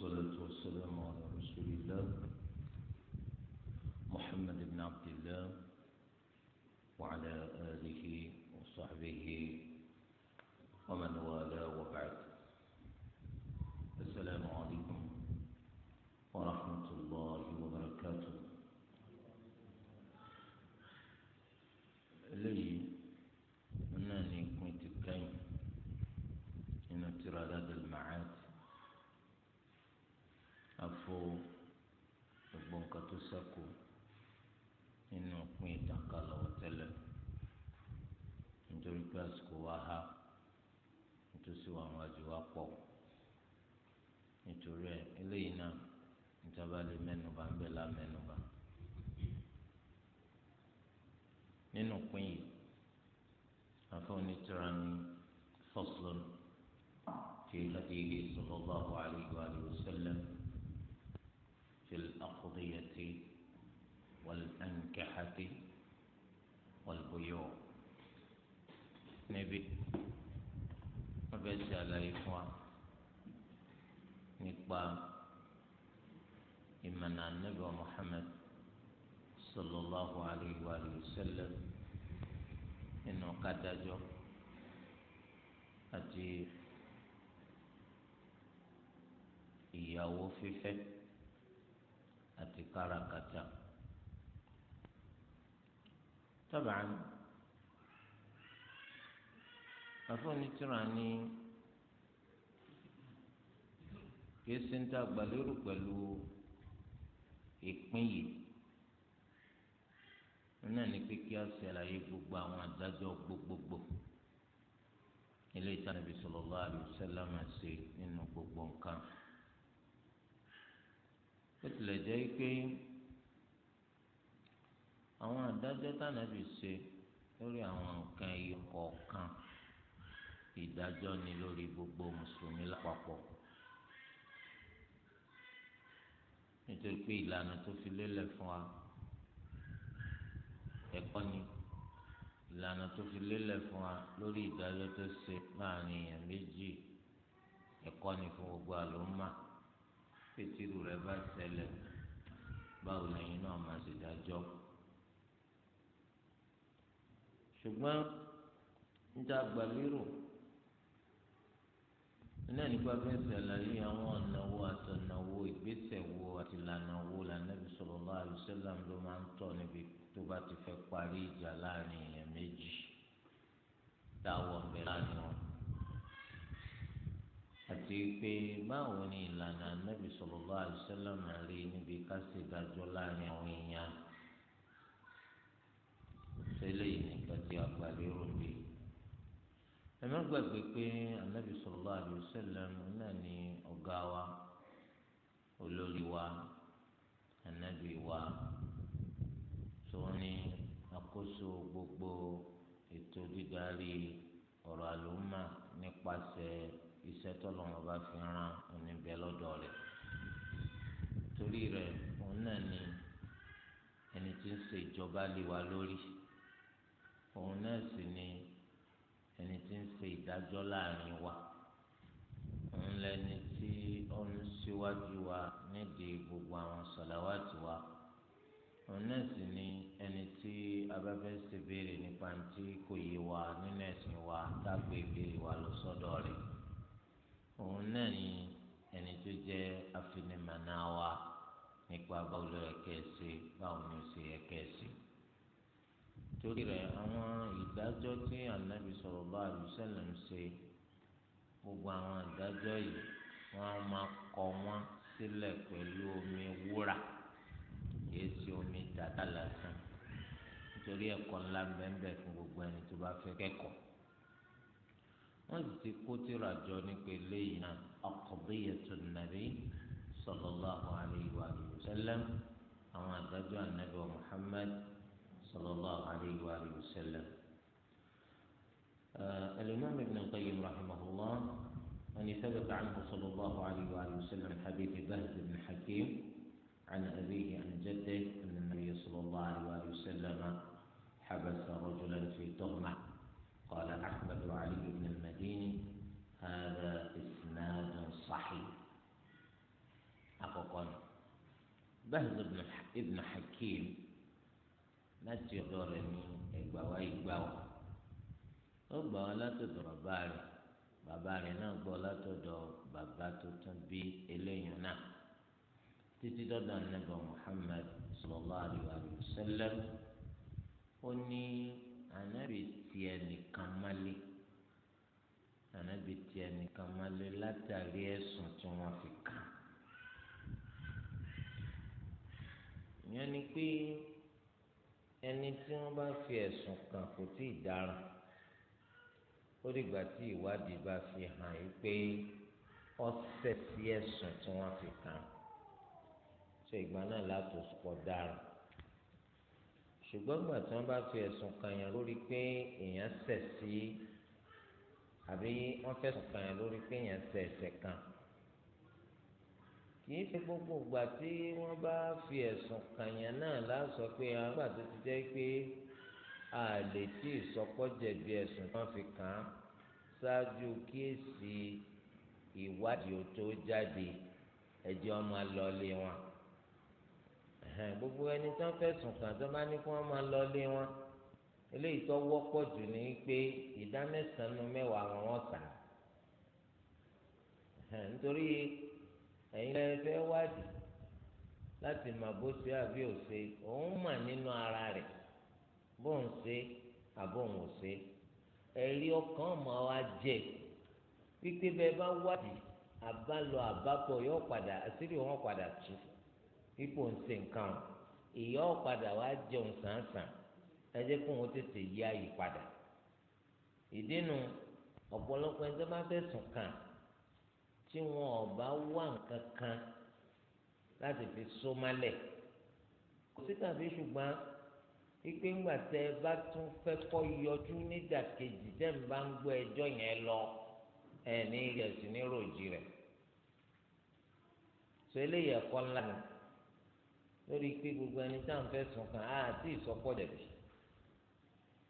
والصلاة والسلام على رسول الله محمد بن عبد الله وعلى آله وصحبه ومن والاه وبعد ha nítòsí wọn wọn ju wa pọ̀ nítorí ẹ eléyìí náà níjọba lè mẹ́nubà ń bẹ la mẹ́nubà nínú pín yìí afọ onítìrà ní faslun fi hadihi sallallahu alayhi wa sallam fi al-aqdiyati wal-ankahati wal-buyu'. fẹ́ ṣe àlàyé fún wa nípa ìmọ̀nà ànábì Muhammad sallallahu alayhi wa sallam nínú kádájọ́ àti ìyàwó fífẹ́ àti káràkátà. tọ́bàá àfọ̀nìtura ni kìí ṣe ń ta gbàlérò pẹ̀lú ìpín yìí náà ni pé kí a ṣàlàyé gbogbo àwọn adájọ́ gbogbogbò ilé ìtàn Ànábì sallallahu alaihi wasallam ṣe nínú gbogbo nǹkan ó tilẹ̀ jẹ́ pé àwọn adájọ́ tí ṣe lórí àwọn nǹkan ẹyọ kọ̀ọ̀kan ìdájọ́ ni lórí gbogbo mùsùlùmí lápapọ̀ nítorí pé ìlànà tó fi lélẹ̀ fún wa ẹ̀kọ́ ni ìlànà tó fi lélẹ̀ fún wa lórí ìdájọ́ tó ṣe láàrin èèyàn méjì ẹ̀kọ́ ni fún gbogbo àlùmá pétérù rẹ̀ bá ṣẹlẹ̀ báwo lẹ́yìn náà máa ṣe dájọ́ ṣùgbọ́n ń dàgbà lérò iná nípa fẹ́ sàlàyé àwọn ọ̀nàwó àtọ̀nàwó ìgbésẹ̀ wo àti ìlànà wo lànàbí sallallahu alaihi wasallam ló máa ń tọ̀ níbi tó bá ti fẹ́ parí ìjà láàrin èèyàn méjì dáwọ́ ọ̀bẹ láàrin wọn. àti pé báwo ni ìlànà ànàbí sallallahu alaihi wasallam rí níbi kásẹ̀ ìdájọ́ láàrin àwọn èèyàn. sẹ́lẹ̀ ìnìkan ti àgbàlérò bíi ẹ̀mí gbàgbé pé anabi sallallahu alaihi wasallam náà ni ọ̀gá wa olórí wa anabi wa tó ní àkóso gbogbo ètò dídarí ọ̀rọ̀ àlùmọ́ nípasẹ̀ iṣẹ́ tọ́lọ́mọ bá fi rán oníbẹ̀ lọ́dọ̀ rẹ̀ torí rẹ̀ òun náà ni ẹni tí ń ṣe ìjọba lé wa lórí òun náà sì ni ẹni tí ń ṣe ìdájọ́ láàrin wa òun lẹni tí ó ń síwájú wa nídìí gbogbo àwọn sọ̀làwátì wa òun náà ni ẹni tí abáfẹ́ ṣe béèrè nípa tí kò yé wa nínú ẹ̀sìn wa dágbé ìbéèrè wa lọ sọ́dọ̀ rẹ̀ òun náà ni ẹni tó jẹ́ afinimọ̀nà wa nípa báwo ló yẹ ṣe báwo ni ó ṣe yẹ kẹ́ ẹ ṣe torí rẹ̀ àwọn ìdájọ́ tí anabi sallallahu alaihi wasallam ń ṣe gbogbo àwọn ìdájọ́ yìí wọ́n máa kọ wọ́n sílẹ̀ pẹ̀lú omi wúrà kìí ṣe omi tata lásán nítorí ẹ̀kọ́ ńlá bẹ́ẹ̀ fún gbogbo ẹni tó bá fẹ́ kẹ́kọ̀ọ́ wọ́n sì ti kó tírà jọ nípa eléyìí náà aqdiyyatun nabi sallallahu alaihi wa sallam àwọn àdájọ́ anabi wa muhammad. صلى الله عليه وآله وسلم آه الإمام ابن القيم رحمه الله أن ثبت عنه صلى الله عليه وآله وسلم حديث بهز بن حكيم عن أبيه عن جده أن النبي صلى الله عليه وآله وسلم حبس رجلا في تهمة قال أحمد علي بن المديني هذا إسناد صحيح أقول بهز بن حكيم láti ọ̀dọ̀ rẹ̀ ní ẹgbà wá ìgbà wá ó gbà wá látọ̀dọ̀ bàbá rẹ̀ bàbá rẹ̀ náà gbọ́ látọ̀dọ̀ bàbá tó tún bí náà títí dọ́dọ̀ Muhammad sallallahu alaihi wasallam ó ní anábì tiẹ̀ nìkan tiẹ̀ nìkan látàrí ẹ̀sùn tí wọ́n fi ni pé. ẹni tí wọn bá fi ẹ̀sùn kàn kò tí ì dáràn ó dìgbà tí ìwádìí bá fi hàn yí pé ọsẹ sí ẹ̀sùn tí wọn fi kàn ṣe ìgbà náà látò pọ dáràn ṣùgbọ́n ìgbà tí wọn bá fi ẹ̀sùn kàn yẹn lórí pé èèyàn ṣẹ̀ sí àbí wọn fẹ̀sùn kàn yẹn lórí pé èèyàn ṣẹ̀ ẹ̀ṣẹ̀ kan kì í ṣe gbogbo ìgbà tí wọ́n bá fi ẹ̀sùn kànyàn náà lásọ pé àgbà tó ti jẹ́ pé a lè tí ì sọpọ́ jẹ̀bi ẹ̀sùn tí wọ́n fi kàn án ṣáájú kí èsì ìwádìí ó tó jáde ẹjọ́ máa lọlé wọn gbogbo ẹni tí wọ́n fẹ̀sùn kàn tó bá ní kí wọ́n lọlé wọn eléyìí tó wọ́pọ̀ jù ní pé ìdá mẹ́sàn-án mẹ́wàá wọn nítorí ẹ̀yin lẹ fẹ́ wádìí láti mà bó ṣe àbí ò ṣe òun mà nínú ara rẹ̀ bó ń ṣe àbóhùn ò ṣe ẹ̀rí ọkàn mà wá jẹ wípé bẹ́ẹ̀ bá wádìí àbálọ àbábọ̀ yóò padà àṣírí wọn padà tú ipò ń ṣe nǹkan ìyá ọ̀padà wá jẹun sàǹsàn ẹ jẹ́ kó wọn tètè yí àyè padà ọ̀pọ̀lọpọ̀ bá sùn kàn tí wọn ò bá wá nǹkan kan láti fi so málẹ̀ kò sí tàbí ṣùgbọ́n wípé ńgbà tẹ bá tún fẹ́ kọ́ yọjú nídàkejì tẹ́ ń bá ń gbọ́ ẹjọ́ yẹn lọ ẹ̀ ní rẹ̀ sí ní ròjì rẹ̀ so eléyìí ẹ̀kọ́ ńlá ni lórí pé gbogbo ẹni tá à ń fẹ̀sùn kàn á àti ìsọpọ̀ jẹ̀bi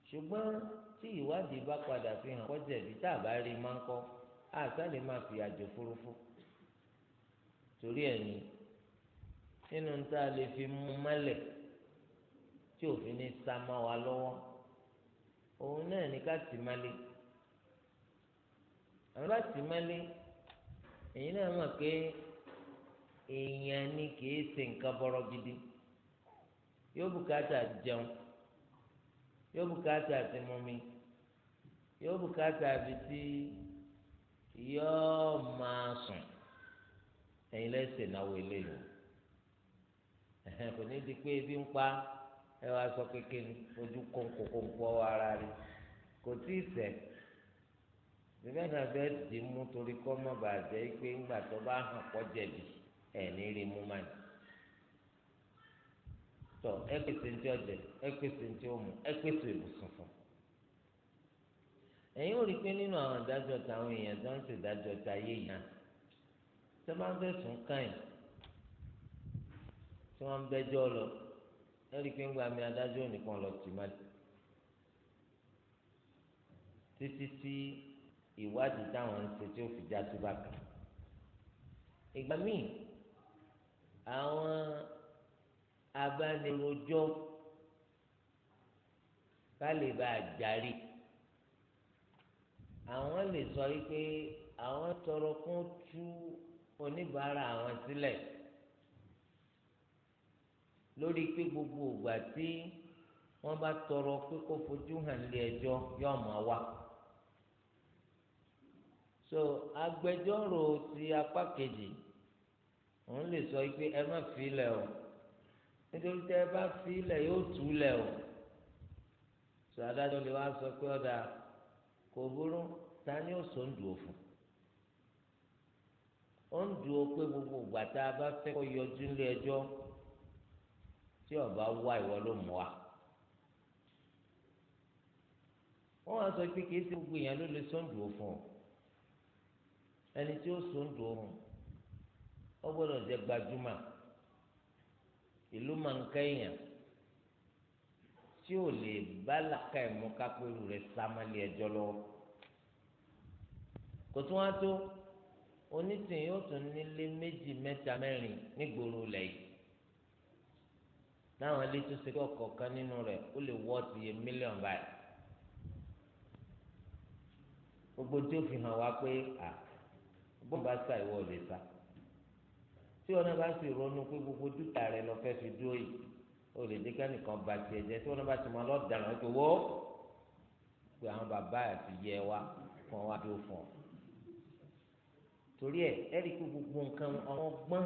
ṣùgbọ́n tí ìwádìí bá padà fi hàn kọ́ jẹ̀bi tá a bá rí máa ń kọ́ a ah, lè máa fi jò fúrufú torí ẹ̀yìn nínú tá a lè fi mú mọ́lẹ̀ tí òfin ní sá má wa lọ́wọ́ òun náà ní ká tì má àwọn bá tì èyí náà mọ̀ pé ni kìí ṣe nǹkan bọ́rọ̀ gidi yóò bùkátà jẹun yóò bùkátà àti mọ́mi yóò bùkátà yóò máa sùn ẹ̀yin lẹ́sẹ̀ náwó eléyìí kò ní di pé ebi ń pa ẹ wá sọ kékeré ojú kónkó kónkó ọwọ́ ara rẹ kò tí ì sẹ̀ bíbẹ́ náà fẹ́ dì í mú torí kọ́ mọ́ bàjẹ́ pé ńgbà tó bá hàn kọ́ jẹ̀bi ẹ̀ ní rí mú má ní tọ ẹ pèsè ntí ọjẹ ẹ pèsè ntí ọmọ ẹ pèsè ìbùsùn fún un ẹ̀yin ò rí i pé nínú àwọn ìdájọ́ táwọn èèyàn tó ń ṣèdájọ́ ta ayé yìí náà tó bá ń fẹ̀sùn kàn yín tí wọ́n ń bẹ́jọ́ lọ ẹ rí i pé ń gba mi adájọ́ nìkan lọ tì má títí tí ìwádìí táwọn ń ṣe tí ó fi já sí bàtà ìgbà míì àwọn abánirojọ́ ká lè bá a jarí àwọn lè sọ wípé àwọn tọrọ kún tú oníbàárà àwọn sílẹ̀ lórí pé gbogbo ìgbà tí wọ́n bá tọrọ pé kó fojú hàn lé ẹjọ́ yóò máa wà so agbẹjọ́rò ti apá kejì òun lè sọ pé ẹ má fi ilẹ̀ o nítorí tẹ́ ẹ bá fi ilẹ̀ yóò tú ilẹ̀ o so adájọ́ lè wá sọ pé ọ̀dà kò burú ta ni ó sọ ń dùn òfun ó ń dùn ó pé gbogbo ìgbà tá a bá fẹ́ kó yọjú ilé ẹjọ́ tí ọba wá ìwọ ló mọ̀ wá. wọ́n wá sọ pé kìí ṣe gbogbo èèyàn ló lè sọ́ǹdù òfun ẹni tí ó sọ́ǹdù òfun ó gbọ́dọ̀ jẹ́ gbajúmọ̀ ìlú máa ń kẹ́yìn tí ò lè bá làkà ẹ̀mú kápẹ́rù rẹ̀ sámálì ẹjọ́ lọ. kò tún wá tó onítìyìn yóò tún nílé méjì mẹ́ta mẹ́rin nígboro lẹ̀ yìí. láwọn ilé tó ṣe kí ọ̀kọ̀ọ̀kan nínú rẹ̀ ó lè wọ́ ti yẹ mílíọ̀n báyìí. gbogbo tí ó fi hàn wá pé à bóun bá sá ìwọ ò lè sá. tí ọ̀nà bá sì ronú pé gbogbo dúkìá rẹ̀ lọ fẹ́ fi dúró yìí o lè dé kẹ́nìkan ba tiẹ̀ jẹ́ tí wọ́n bá ti mọ lọ́dàrán pé wó pé àwọn bàbá àti yẹ wa kan wá dúró fún ọ. torí ẹ ẹ̀rí kó gbogbo nǹkan ọ̀wọ́n gbọ́n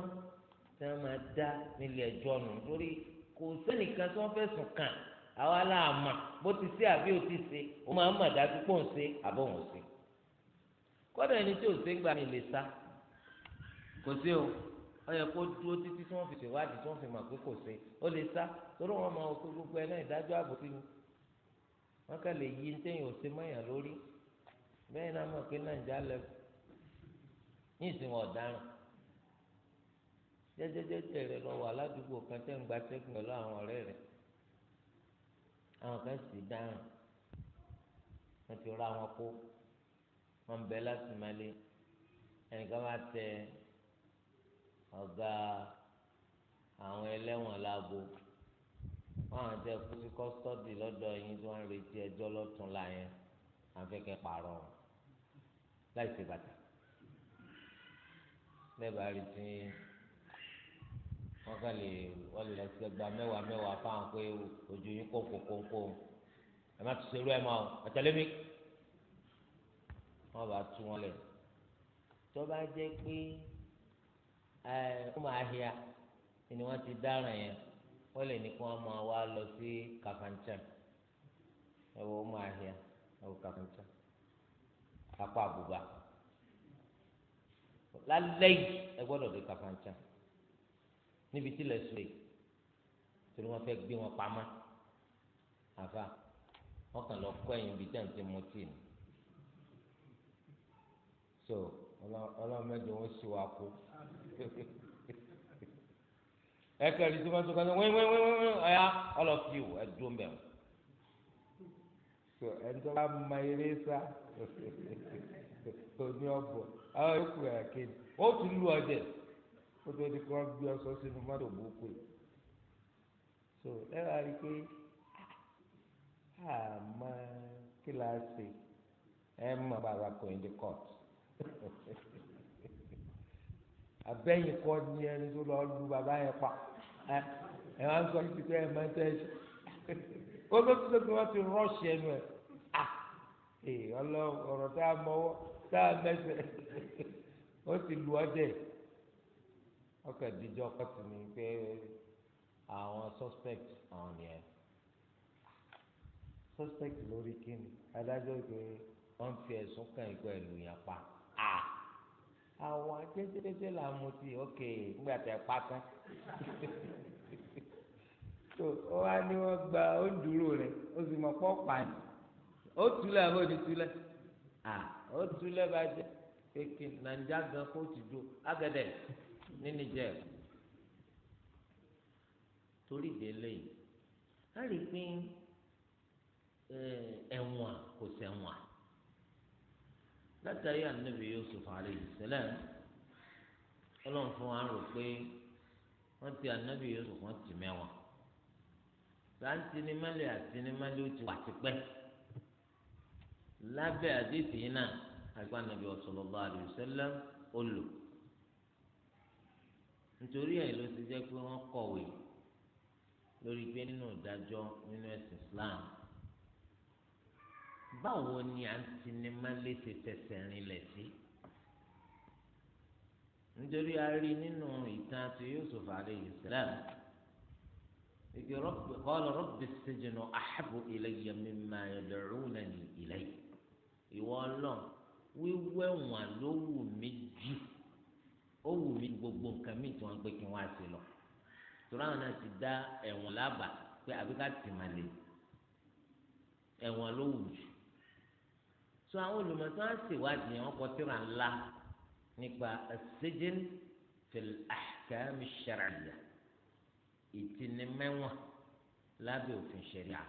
tí wọ́n máa dá nílé ẹjọ́ nù torí kò sẹ́nìkan tí wọ́n fẹ́ sùn kàn àwa láàmà bó ti ṣe àbí ó ti ṣe ó máa ń mà dájú pò ń ṣe àbọ̀ wọ́n ṣe. kọ́dà ẹni tí ò ṣe ń lè sá kò sí o ó yẹ kó dúró títí tí wọ́n fi ṣèwádìí tí wọ́n fi mọ̀ pé kò sí ó lè sá torí wọ́n máa wọ gbogbo ẹ̀ náà ìdájọ́ ààbò sí ni wọ́n lè yí téèyàn ò ṣe mọ́yàn lórí bẹ́ẹ̀ náà mọ̀ pé nàìjíríà lẹ́bù ní ìsìn ọ̀daràn jẹjẹjẹjẹ rẹ lọ wà ládùúgbò kan tẹ́ ń gba sẹ́kùn pẹ̀lú àwọn ọ̀rẹ́ rẹ̀ àwọn kan sì dáràn wọ́n ti rọ àwọn kó wọ́n bẹ láti máa lé ẹnìkan máa tẹ ẹ ọ̀gá àwọn ẹlẹ́wọ̀n láago wọn àwọn tẹ kú sí kọ́sítọ́dì lọ́dọ̀ yín tí wọ́n ń retí ẹjọ́ lọ́tún la yẹn à ń fẹ́kẹ́ pààrọ̀ láì ṣe bàtà lẹ́bàá rí tí wọ́n kàn lè wọ́n lè ṣe gba mẹ́wàá mẹ́wàá fáwọn pé ojú yín kò kò kò kò ẹ má ti ṣerú ẹ máa ọ àtẹlẹ́mí wọ́n bá tú wọn lẹ̀ tó bá jẹ́ pé. ọmọ ahịa ni wọ́n ti dara yẹn wọ́n lè ní kí wọ́n lọ sí kàfàǹchà ẹ ọmọ ahìá ẹ wọ kàfàǹchà àbúgbà lálẹ́ yìí ẹ gbọ́dọ̀ dé kàfàǹchà níbi tí lè sùn fẹ́ gbé wọn so ọlọ́mọdé wọn sì wá ẹ kẹrì tí wọn tó kàn wíwí wíwí wíwí ọyá ọlọpì wò ẹ dùn bẹ wọn. tó ẹni tó bá ma eré sá oní ọbọ àwọn yòókù ẹ kéde ó ti lu ọjẹ ó tó di kí wọn gbé ọsọ sínú mọ́tò burúkú yìí so ẹ wá rí i pé àmọ́ kí la ẹ mọ bàbá kò ní di court. abẹ́yìn kọ́ ni ẹni tó lọ lu bàbá yẹn pa ẹ ẹ wá ń sọ yìí pé ẹ máa ń tẹ́ ẹ ó tó tó tó wọ́n ti rọ́ọ̀ṣì ẹnu ẹ̀ à ee ọlọ́rọ̀ tá a mọ́wọ́ tá a mẹ́sẹ̀ ó ti lu ọdẹ ọkọ̀ ìdíjọ́ kọ́tù ni pé àwọn suspect àwọn nìyẹn suspect lórí kíni adájọ́ pé wọ́n fi ẹ̀sùn kàn ìgbọ́ ẹ̀lú yẹn pa àwọn jẹjẹjẹjẹ là ń mutí ok nígbà tẹ pa tán tó ó wá ní wọn gba ó ń dúró rẹ ó sì mọ pọ pààyàn ó túlẹ̀ àbí ó ní túlẹ̀ à ó túlẹ̀ bá jẹ kéèké nàìjíríà gan kó ti do agẹdẹ ní nìjẹ torí délé yìí a lè pín ẹ̀wọ̀n kò sẹ̀wọ̀n látàrí ànábì Yusuf alayhi salam ọlọ́run fún wa rò pé wọ́n ti ànábì Yusuf wọ́n ti mẹ́wọ̀n sàǹtìnímálì àtìnímálì ó ti wà tipẹ́ lábẹ́ àdéhùn yìí náà àgbà ànábì sallallahu alayhi wasallam ó lò nítorí ẹ̀ ló ti jẹ́ pé wọ́n kọ̀wé lórí pé nínú ìdájọ́ nínú ẹ̀sìn Islam báwo ni à ń sinimá léṣe tẹsẹ̀ rinlẹ̀ sí nítorí a rí nínú ìtàn tí Yusuf aleyhi salam ìgbè qala rabbi as-sijnu ahabbu ilayya mimma yad'unani ilayhi ìwọ Ọlọ́run wíwẹ̀ wọ́n ló wù mí jù ó wù mí gbogbo nǹkan mi tí wọ́n gbé kí wọ́n á sí lọ torí àwọn ti dá ẹ̀wọ̀n lábàá pé àbíká tì má lè ẹ̀wọ̀n ló wù jù so àwọn olùmọ̀tò á ṣèwádìí wọn kọ tírà ńlá nípa as-sijn fil ahkam lábẹ́ òfin ṣẹ̀ríà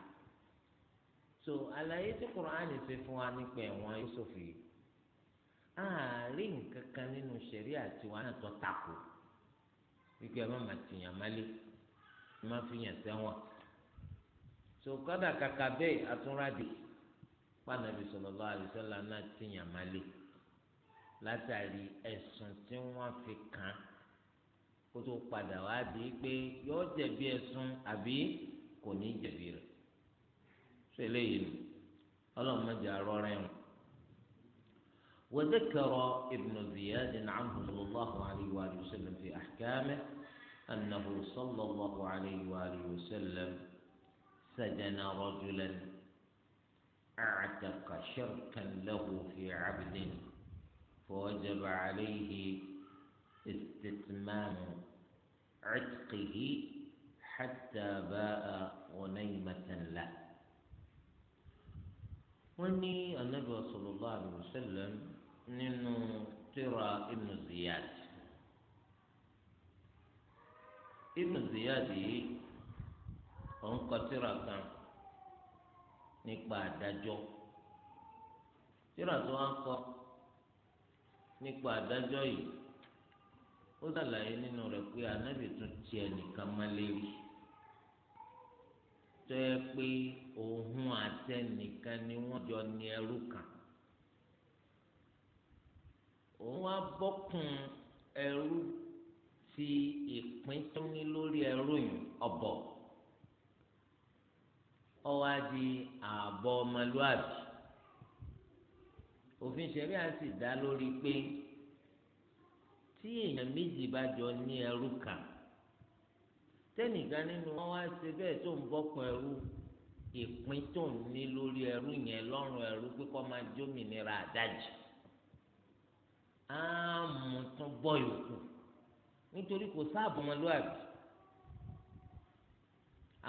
so àlàyé tí kùránì ṣe fún wa nípa ẹ̀wọ̀n Yúsúfù yìí àárín nǹkan kan nínú ṣẹ̀ríà tiwa náà tó takò wípé ẹ má má tìyàn málé ẹ má fi yàn sẹ́wọ̀n so kọ́dà kàkà bẹ́ẹ̀ àtúnrádìí pànàbí sallallahu alaihi wasallam náà tìyàn má lè látàrí ẹ̀sùn tí wọ́n fi kàn án kó tó padà wá di pé yóò jẹ̀bi ẹ̀sùn àbí kò ní jẹ̀bi rẹ̀ ṣe eléyìí ni ọlọ́run mẹ́jọ arọ́rẹ́ وذكر ابن زياد عنه صلى الله عليه وآله وسلم في أحكامه أنه صلى الله عليه وآله وسلم سجن رجلا أعتق شركا له في عبد فوجب عليه استتمام عتقه حتى باء غنيمة له وني النبي صلى الله عليه وسلم من ترى ابن زياد ابن زياد أنقى كان nípa àdájọ́ tíra tó wá ń kọ nípa àdájọ́ yìí ó ṣàlàyé nínú rẹ̀ pé anábì tún ti ẹnìkan mọ́lẹ́rì tó yẹ pé òun àtẹnìkan ni wọ́n jọ ní ẹrú kan òun á bọ́kùn ẹrú ti ìpín tó ní lórí ẹrú yìí ọ̀bọ̀. ọwọ́ di ààbọ̀ ọmọlúàbí òfin ṣẹ̀rí à sì dá lórí pé tí èèyàn méjì bá jọ ní ẹrú kan tẹ́nìkan nínú wọn wá ṣe bẹ́ẹ̀ tó ń bọ́kùn ẹrú ìpín tó ń ní lórí ẹrú yẹn lọ́rùn ẹrú pé kó máa jómìnira àdájì á mú tún bọ́ yòókù nítorí kò sáàbù ọmọlúàbí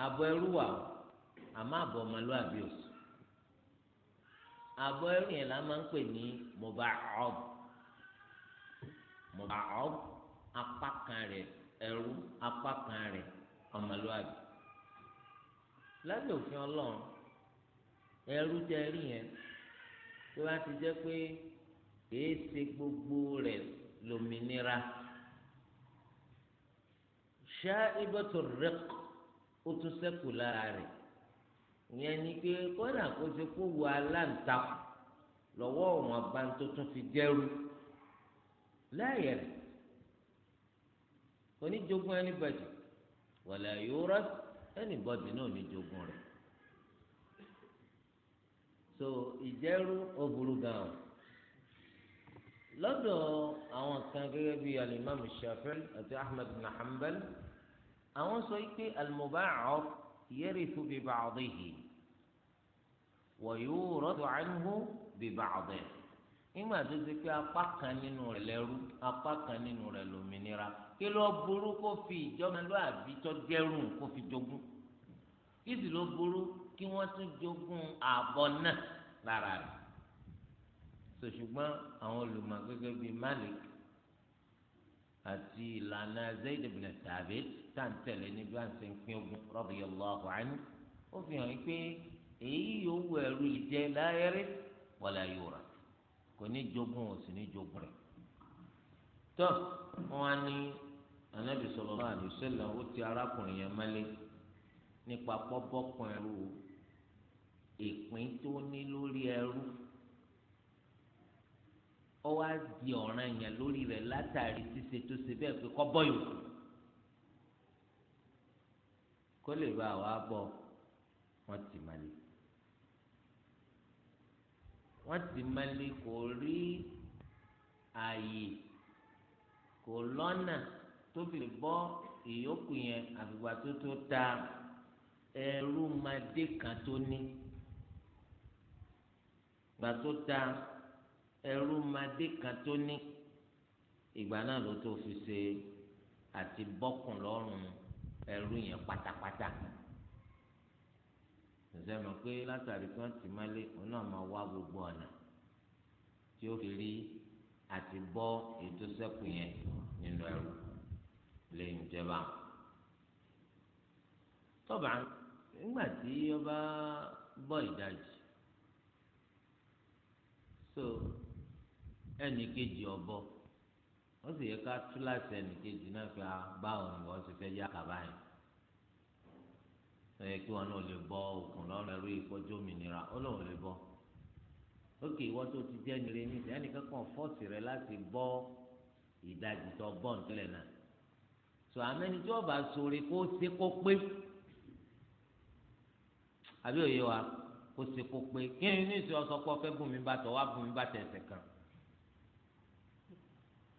ààbọ̀ ẹrú wà ó àmọ́ àbọ̀ ọmọlúwàbí ò sí àbọ̀ ẹrù yẹn la máa ń pè ní muba'ab muba'ab apá kan rẹ̀ ẹrú apá kan rẹ̀ ọmọlúwàbí lábẹ́ òfin ọlọ́run ẹrú tẹ ẹrí yẹn tó bá ti jẹ́ pé kìí ṣe gbogbo rẹ̀ lómìnira ṣá ibà tó rẹ̀ ó tún sẹ́kù lára rẹ̀ ìyẹn ni pé kọ́nà kó ṣe kó wu aláǹtakùn lọ́wọ́ wọn bá ń tó tún fi dẹ́rù láàyè rẹ̀ oníjogún ẹni bàjẹ́ wàlẹ̀ yóò rẹ̀ ẹni bọ́dì náà oníjogún rẹ̀ so ìjẹ́rú ó burú gan-an lọ́dọ̀ àwọn kan gẹ́gẹ́ bíi alimami shafi'i àti ahmed bin hanbal àwọn sọ pé alimobaa ọ̀rọ̀. يرث ببعضه ويورث عنه ببعضه ìgbà tó ti pé apá kan nínú rẹ̀ lẹ́rú apá kan nínú rẹ̀ lómìnira kí ló burú kó fi ìjọmọlúàbí tó dẹrùn kó fi jogún kí sì ló burú kí wọ́n tún jogún ààbọ̀ náà lára rẹ̀ sòṣùgbọ́n àwọn olùmọ̀ gẹ́gẹ́ bíi Malik àti ìlànà Zayd ibn Thabit tá à ń tẹ̀lé níbi à ń ṣe ń pín ogun radiyallahu anhu ó fi hàn pé èyí yóò wọ ẹrú ìjẹ láyẹrí wala yura kò ní jogún ò sì ní jogún rẹ̀ tó wọn á ní anabi sallallahu alaihi wasallam ó ti arákùnrin yẹn mẹlẹ nípa pọbọkùn ẹrú ìpín tó ní lórí ẹrú ó wá di ọ̀ràn yẹn lórí rẹ̀ látàrí ṣíṣe tó ṣe bẹ́ẹ̀ pé kọ́ bọ́ yòókù kó lè bá wa bọ̀ wọ́n ti máa lè wọ́n ti máa lè kò rí ààyè kò lọ́nà tóbi bọ́ ìyókù yẹn àgbègbè tó ta ẹrú madé kan tó ní gbà tó ta ẹrú madé kan tó ní ìgbà náà ló tó fi ṣe àti bọ́kùn lọ́rùn ẹrú yẹn pátápátá ṣẹ̀ṣẹ̀ mọ̀ pé látàrí kí wọ́n ti mọ́lé òun náà máa wá gbogbo ọ̀nà tí ó fi rí àti bọ́ ètò sẹ́kù yẹn nínú ẹrú lẹ́yìn ìjọba tọ́ba nígbà tí ọba bọ́ ìdajì so ẹnì kejì ọbọ ó sì yẹ ká tú láti ẹnìkejì náà pé báwo ni wọ́n ti fẹ́ yá kàbá yẹn ó yẹ kí wọn náà lè bọ òkun lọ́rùn ẹrú ìfọ́jú òmìnira ó lóun lè bọ́ lókè ìwọ tó ti jẹ́ nire ní ìsìn ẹnìkan kan fọ́ọ̀sì rẹ láti bọ́ ìdajì tó bọ́ nítorí náà tó àmẹ́ni tí wọ́n bá sori kó ṣe kó pé àbí òye wa kó ṣe kó pé kí ni ní ìsìn ọsọ pé ọfẹ́ bùnmi bá tọ̀ wá bùnmi bá tẹ̀sẹ̀ kan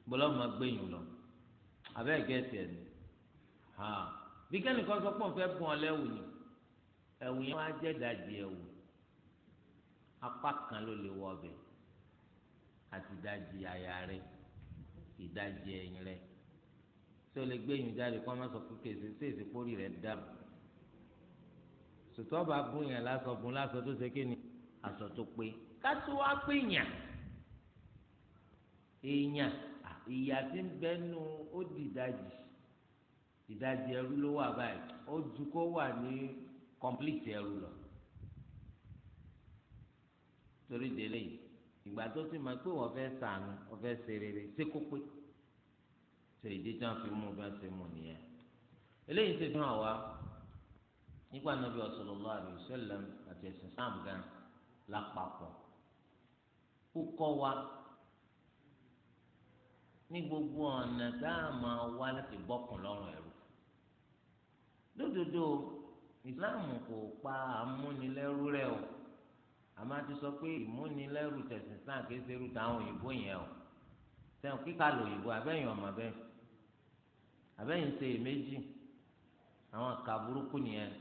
bọ́lá máa gbẹ̀yìn lọ abẹ́ gẹ̀ẹ́sì ẹ̀ ni bí kẹ́nìkan sọ pé òun fẹ́ bùn ọ lẹ́wù ni ẹ̀wù yẹn wá jẹ́ ìdajì ẹ̀wù apá kan ló lè wọ ọbẹ̀ àti ìdajì àyà rẹ̀ ìdajì ẹ̀yìn rẹ̀ tí o lè gbẹ̀yìn jáde kó má sọ pé kèsì sí èsì pórí rẹ̀ dàrú sòtọ́ bá bùn yẹn lásọ bùn lásọ tó ṣe kéènì àsọ tó pé ká wá pé yàn èèyàn ìyá tí ń bẹnu ó dìdajì dìdajì ẹrú ló wà báyìí ó ju kó wà ní kọ́mplìtì ẹrú lọ torí délé yìí ìgbà tó ti máa pé wọ́n fẹ́ sànù wọ́n fẹ́ ṣe rere ṣé kó pé ṣe ìdí tí wọ́n fi mú bá ṣe mú nìyẹn eléyìí ti fi hàn wá nípa nàbí sallallahu alaihi wasallam àti ẹ̀sìn sáàmù gan lápapọ̀ ó kọ́ wa ní gbogbo ọ̀nà tá a máa wá láti bọ́kùn lọ́rùn ẹ̀rú lódodo ìsìláàmù kò pa àmúnilẹ́rú rẹ o àmọ́ ti sọ pé ìmúnilẹ́rú tẹ̀sìn Islam kìí ṣe irú táwọn òyìnbó yẹn o sẹ́wọ̀n kíkà lòyìnbó abẹ́yìn ọmọ bẹ́ẹ̀ abẹ́yìn ṣe èméjì àwọn àka burúkú nìyẹn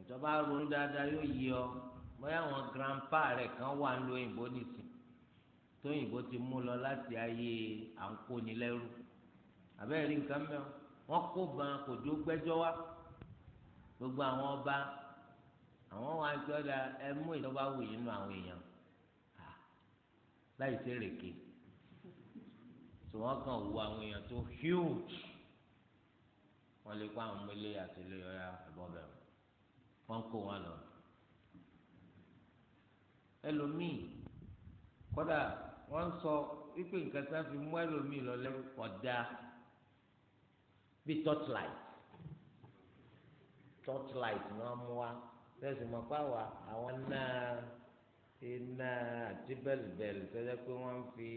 ìjọba ronú dáadáa yóò yí ọ bóyá àwọn grandpa rẹ kan wà ń lo òyìnbó nìsín tóyìnbó ti mú lọ láti ayé à ń kóni lẹ́rú àbẹ́rẹ́ rí nǹkan mẹ́wọ́ wọ́n kó ban kò dúró gbẹ́jọ́ wá gbogbo àwọn ọba àwọn wa ń gbọ́ da ẹ mú ìjọba wù yín nù àwọn èèyàn láì sí rèké tí wọ́n kàn wù àwọn èèyàn tó huge wọ́n lè kó àwọn ọmọlé àti ilé ọ̀yà ẹ̀bọ́ bẹ̀rẹ̀ wọ́n kó wọn lọ ẹlòmíì kódà wọ́n sọ wípé nǹkan tí wọ́n fi mú ẹlòmíì lọ lẹ́rú bi bíi torchlight torchlight ni wọ́n mú wa lẹ́sìn awọn pa wà àwọn náà iná àti bẹ́ẹ̀lì pé fi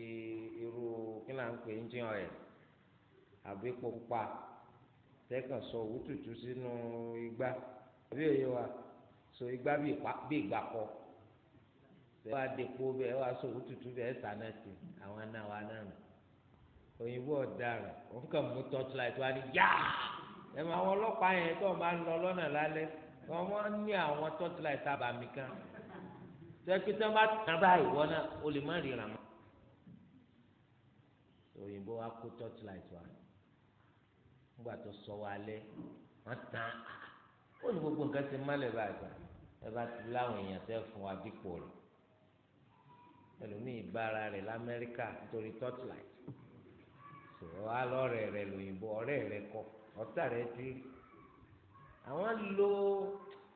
irú kí là ń pè àbí sọ òwú sínú igbá àbí èyí wa sọ igbá bíi ìgbà bẹ́ẹ̀ wá dèpò bẹ́ẹ̀ wá sòwò tútù bẹ́ẹ̀ sànà sí àwọn náà wà náà nù òyìnbó ọ̀daràn òun kàn mú torchlight wá ní yá ẹ mọ àwọn ọlọ́pàá yẹn tó máa ń lọ lọ́nà lálẹ́ wọ́n ní àwọn torchlight abàmì kan tẹ́kí tí bá tàn báyìí wọ́n náà o lè má ríran mọ́ òyìnbó wa kó torchlight wá nígbà tó sọ wa lẹ́ wọ́n tàn ó ní gbogbo nǹkan ti má lè bàjẹ́ ẹ bá ti láwọn èèyàn tẹ́ fún wa dípò rẹ̀ ẹlòmíì bára rẹ̀ lamẹ́ríkà torí torchlight sọ̀rọ̀ alọ́rẹ̀ rẹ̀ lòyìnbó ọ̀rẹ́ rẹ̀ kọ ọ̀tá rẹ̀ ti rí àwọn lo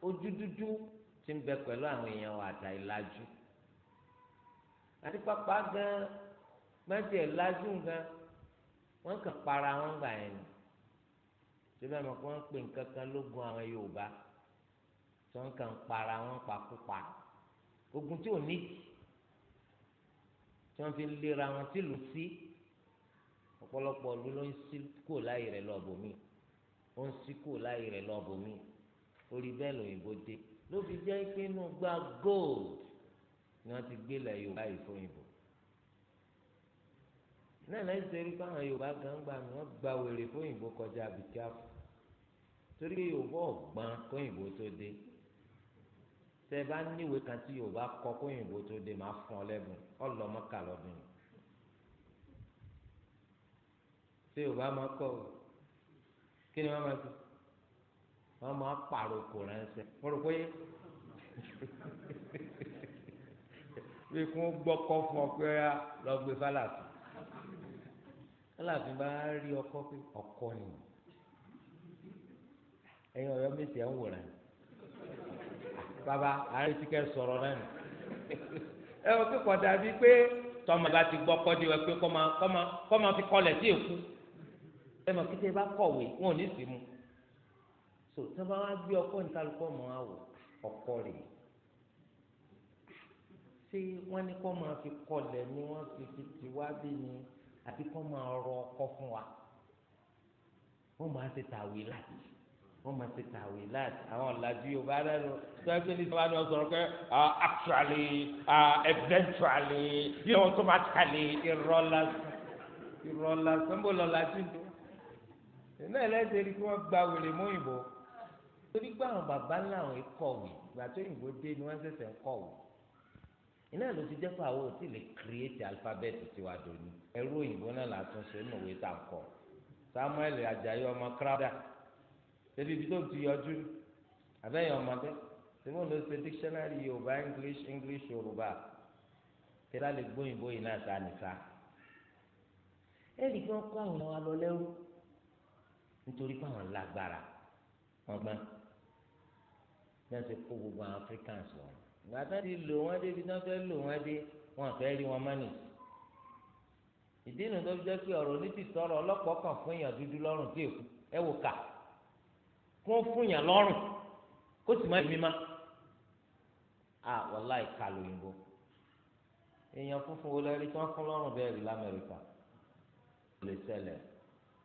ojú dúdú tí ń bẹ pẹ̀lú àwọn èèyàn àtà ìlàjú àti pápá gan mẹ́tì ìlàjú gan wọ́n kàn para wọn gbà yẹn ni síbẹ̀ mọ̀ pé wọ́n pè nǹkan kan lógun àwọn Yorùbá tí wọ́n kàn para wọn pakúpa ogun tí ò nídìí tí wọ́n fi lera wọn sílùú sí ọ̀pọ̀lọpọ̀ ọdún ló ń sí kò láyè rẹ̀ lọ́ọ̀bù mi ó ń sí kò láyè rẹ̀ lọ́ọ̀bù mi orí bẹ́ẹ̀ lòyìnbó dé ló fi jẹ́ pé inú gba gold ni wọ́n ti gbé lẹ̀ Yorùbá yìí fún ìbò náà lẹ́yìn tó rí báwọn Yorùbá gan gbà mí wọ́n gba wèrè fún ìbò kọjá àbíkí àpò torí Yorùbá ọ̀gbọ́n kó tó dé tẹ ẹ bá níwèé kan tí yorùbá kọ kó òyìnbó tó dé máa fún ọ lẹ́bùn ọlọ́mọkà lọ́dún yìí tí yorùbá máa kọ o kí ni wọ́n máa sọ wọ́n máa pàrokò ránṣẹ́ mo rò pé bí kún gbọ́kọ́ fún ọ pé lọ gbé fálàfin fálàfin bá rí ọkọ pé ọkọ nìyí ẹ̀yin ọ̀yọ́ méjì ẹ̀ ń wòran bàbá àárẹ̀ ti kẹ́ sọ̀rọ̀ náà nù. ẹ wọ́n pé kọ́ dàbí pé tọ́mọ bá ti gbọ́ kọ́dí wẹ pé kọ́ máa fi kọlẹ̀ sí èkú ẹ mọ̀ kí tẹ́ bá kọ̀wé wọn ò ní sí mu. so tí wọ́n bá wá gbé ọkọ ní kálukọ́ mọ́ àwọ̀ ọkọ rè ṣé wọ́n ní kọ́ máa fi kọlẹ̀ ni wọ́n fi fi tiwá bí ni àti kọ́ máa rọ ọkọ fún wa wọ́n máa ṣe tàwé láti wọ́n máa ṣe tàwé láti àwọn ọ̀làjú yorùbá lẹ́nu tó ẹgbẹ́ ní sábà ní wọ́n sọ̀rọ̀ pé actually eventually you know automatically irọ́ lásán irọ́ lásán bó lọ́ọ́ làjú ni iná ẹlẹ́sẹ̀ rí kí wọ́n gba wèrè mú ìbò torí gbà àwọn bàbá làwọn kọ̀wé ìgbà tó òyìnbó dé ni wọ́n ṣẹ̀ṣẹ̀ ń kọ̀wé iná ló ti jẹ́ pé àwọn ò tí lè create alphabet tiwa dòní ẹrú òyìnbó náà làtúnṣe nùwé tà ṣebí ibi tó ti yọjú abẹ́yẹn ọmọdé ṣebí wọn ló ṣe dictionary yorùbá english english yorùbá tẹ́lá lè gbóyìnbó yìí náà ta nìta ẹ̀rí kí wọ́n kó àwọn wa lọ lẹ́rú nítorí pé àwọn lágbára wọn gbọ́n bí wọ́n ṣe kó gbogbo àwọn africans wọn ìgbà tó ti lò wọ́n dé ibi tó fẹ́ lò wọ́n dé wọn fẹ́ rí wọn mọ́nì ìdí inú tó fi jẹ́ pé ọ̀rọ̀ ní ti kan fún èèyàn dúdú lọ́rùn tí èkú ẹ kà kó fún yàn lọ́rùn kó sì má yẹ mímá a wàlá ìka lóyìnbó èèyàn funfun wo lẹ́rìí tí wọ́n fún lọ́rùn bẹ́ẹ̀ rí lamẹ́ríkà lè ṣẹlẹ̀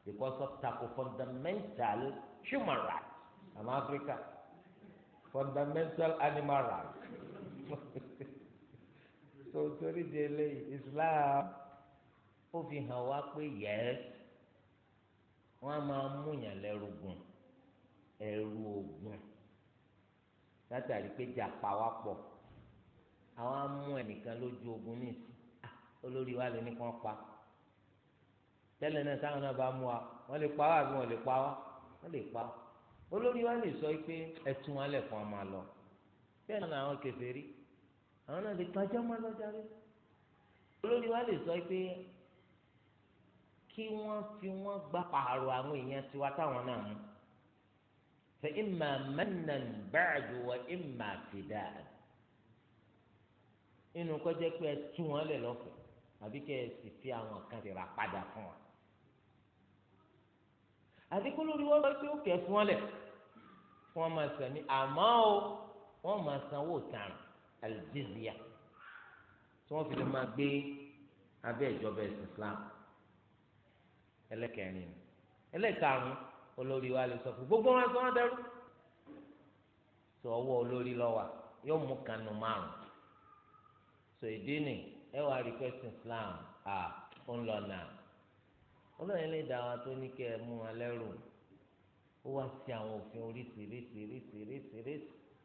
because of tako fundamental human rights am Africa fundamental animal rights so torí de eléyìí Islam ó fi hàn wá pé yẹ́ẹ́ wọ́n á máa mú yàn lẹ́rù gùn ẹrù oògùn látàrí pé jà pàwápọ̀ àwọn amú ẹnìkan lójú ogun ní ìsìn ah, olórí wa ló ní kàn pa tẹ́lẹ̀ náà sáwọn náà bá mú wa wọ́n lè pa wá àbí wọ́n lè pa wá wọ́n lè pa olórí wa lè sọ pé ẹtún wọn lẹ̀ fún ọmọ àlọ́ bẹ́ẹ̀ náà àwọn kèfèrí àwọn náà lè pàjọ́ máa lọ jáde olórí wa lè sọ pé kí wọ́n fi wọ́n gbà pààrọ̀ àwọn èèyàn tiwa táwọn náà mú فإما منا بعد وإما فداء inú kọjá pé ẹ tú wọn lẹ lọ́fẹ̀ẹ́ àbí kẹ ẹ sì fi àwọn kan ti ra padà fún wa àti kó lórí wọn bá pé ó kẹ fún wọn lẹ fún wọn máa sàn ní àmọ́ o wọn máa sanwó tàn àlùjíṣìyà tí wọn fi lè máa gbé abẹ́ ìjọba ẹ̀sìn Islam ẹlẹ́kẹrin ẹlẹ́karùn-ún olórí wa lè sọ fún gbogbo wọn sọ wọn dẹrú sọ ọwọ́ olórí lọ́wọ́ yóò mú kanu márùn sọ èdè ni ẹ wá request Islam à ó ń lọ nà olóyìn lè dá wa tó ní kí ẹ mú wọn lẹ́rù ó wá sí àwọn òfin oríṣiríṣiríṣiríṣiríṣi